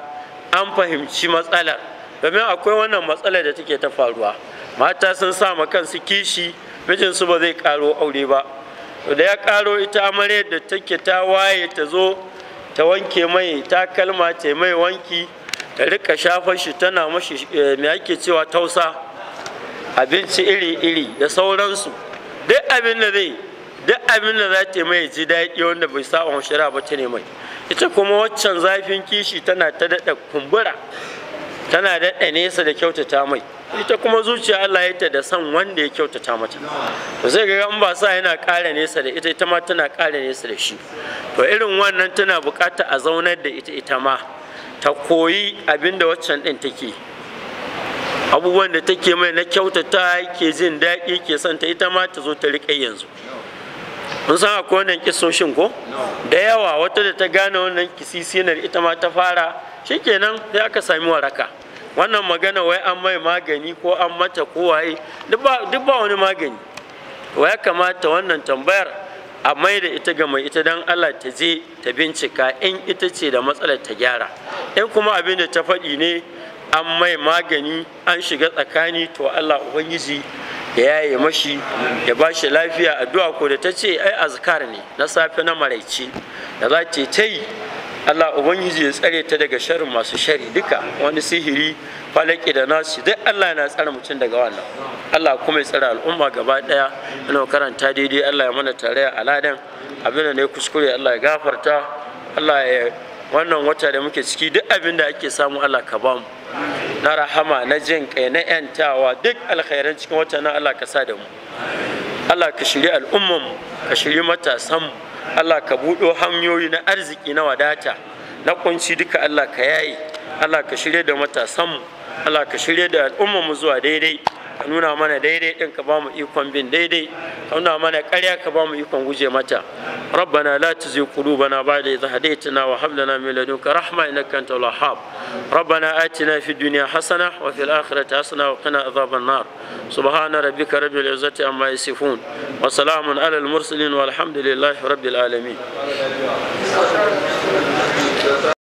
an fahimci matsalar domin akwai wannan matsalar da take ta faruwa mata sun sa ma kansu kishi mijinsu ba zai karo aure ba da ya karo ita amare da take ta waye ta zo ta wanke mai ta kalma ta mai wanki ta rika shafar shi tana mashi eh, me ake cewa tausa abinci iri-iri da sauransu duk abin da zai duk abin da za ta mai ji daɗi wanda bai sa wa shari'a ba ta ne mai ita kuma waccan zafin kishi tana ta daɗa kumbura tana daɗa nesa da kyautata mai ita kuma zuciya Allah ya da san wanda ya kyautata mata to zai ga in ba sa yana ƙara nesa da ita ita ma tana ƙara nesa da shi to irin wannan tana buƙata a zaunar da ita ita ma ta koyi abinda waccan ɗin take abubuwan da take mai na kyautata yake jin daɗi ke son ta ita ma ta zo ta riƙe yanzu mun san akwai wannan kisoshin ko da yawa wata da ta gane wannan kisisinar ita ma ta fara shikenan sai aka sami waraka wannan magana wai an mai magani ko an mata ko waye duk ba wani magani wa ya kamata wannan tambayar a mai da ita ga mai ita don Allah ta je ta bincika in ita ce da matsalar ta gyara in kuma abin da ta faɗi ne an mai magani an shiga tsakani to Allah ubangiji ya yaye mashi ya ba shi lafiya addu'a ko da ta ce ai azkar ne na safe na maraice.' da za ce ta yi Allah ubangiji ya tsare ta daga sharin masu shari duka wani sihiri falaki da nasu duk Allah yana tsare mutum daga wannan Allah kuma ya tsare al'umma gaba daya ina karanta daidai Allah ya mana tare a ladan abin da ne kuskure Allah ya gafarta Allah ya wannan wata da muke ciki duk abin da ake samu Allah ka bamu na rahama na jin kai na yantawa duk alkhairan cikin wata na Allah ka sa da mu Allah ka shiri al'umman ka shiri matasan Allah ka buɗo hanyoyi na arziki na wadata na kunci duka Allah ka yaye Allah ka shirye da matasan Allah ka shirye da al'ummar mu zuwa daidai ka nuna mana daidai din ka ba mu ikon bin daidai ka nuna mana ƙarya ka ba mu ikon guje mata rabbana la tuzigh qulubana ba'da idh hadaytana wa hab lana min ladunka rahma innaka antal wahhab rabbana atina fid dunya hasana wa fil akhirati hasana wa qina adhaban nar subhana rabbika rabbil izzati amma yasifun wa salamun alal mursalin walhamdulillahi rabbil alamin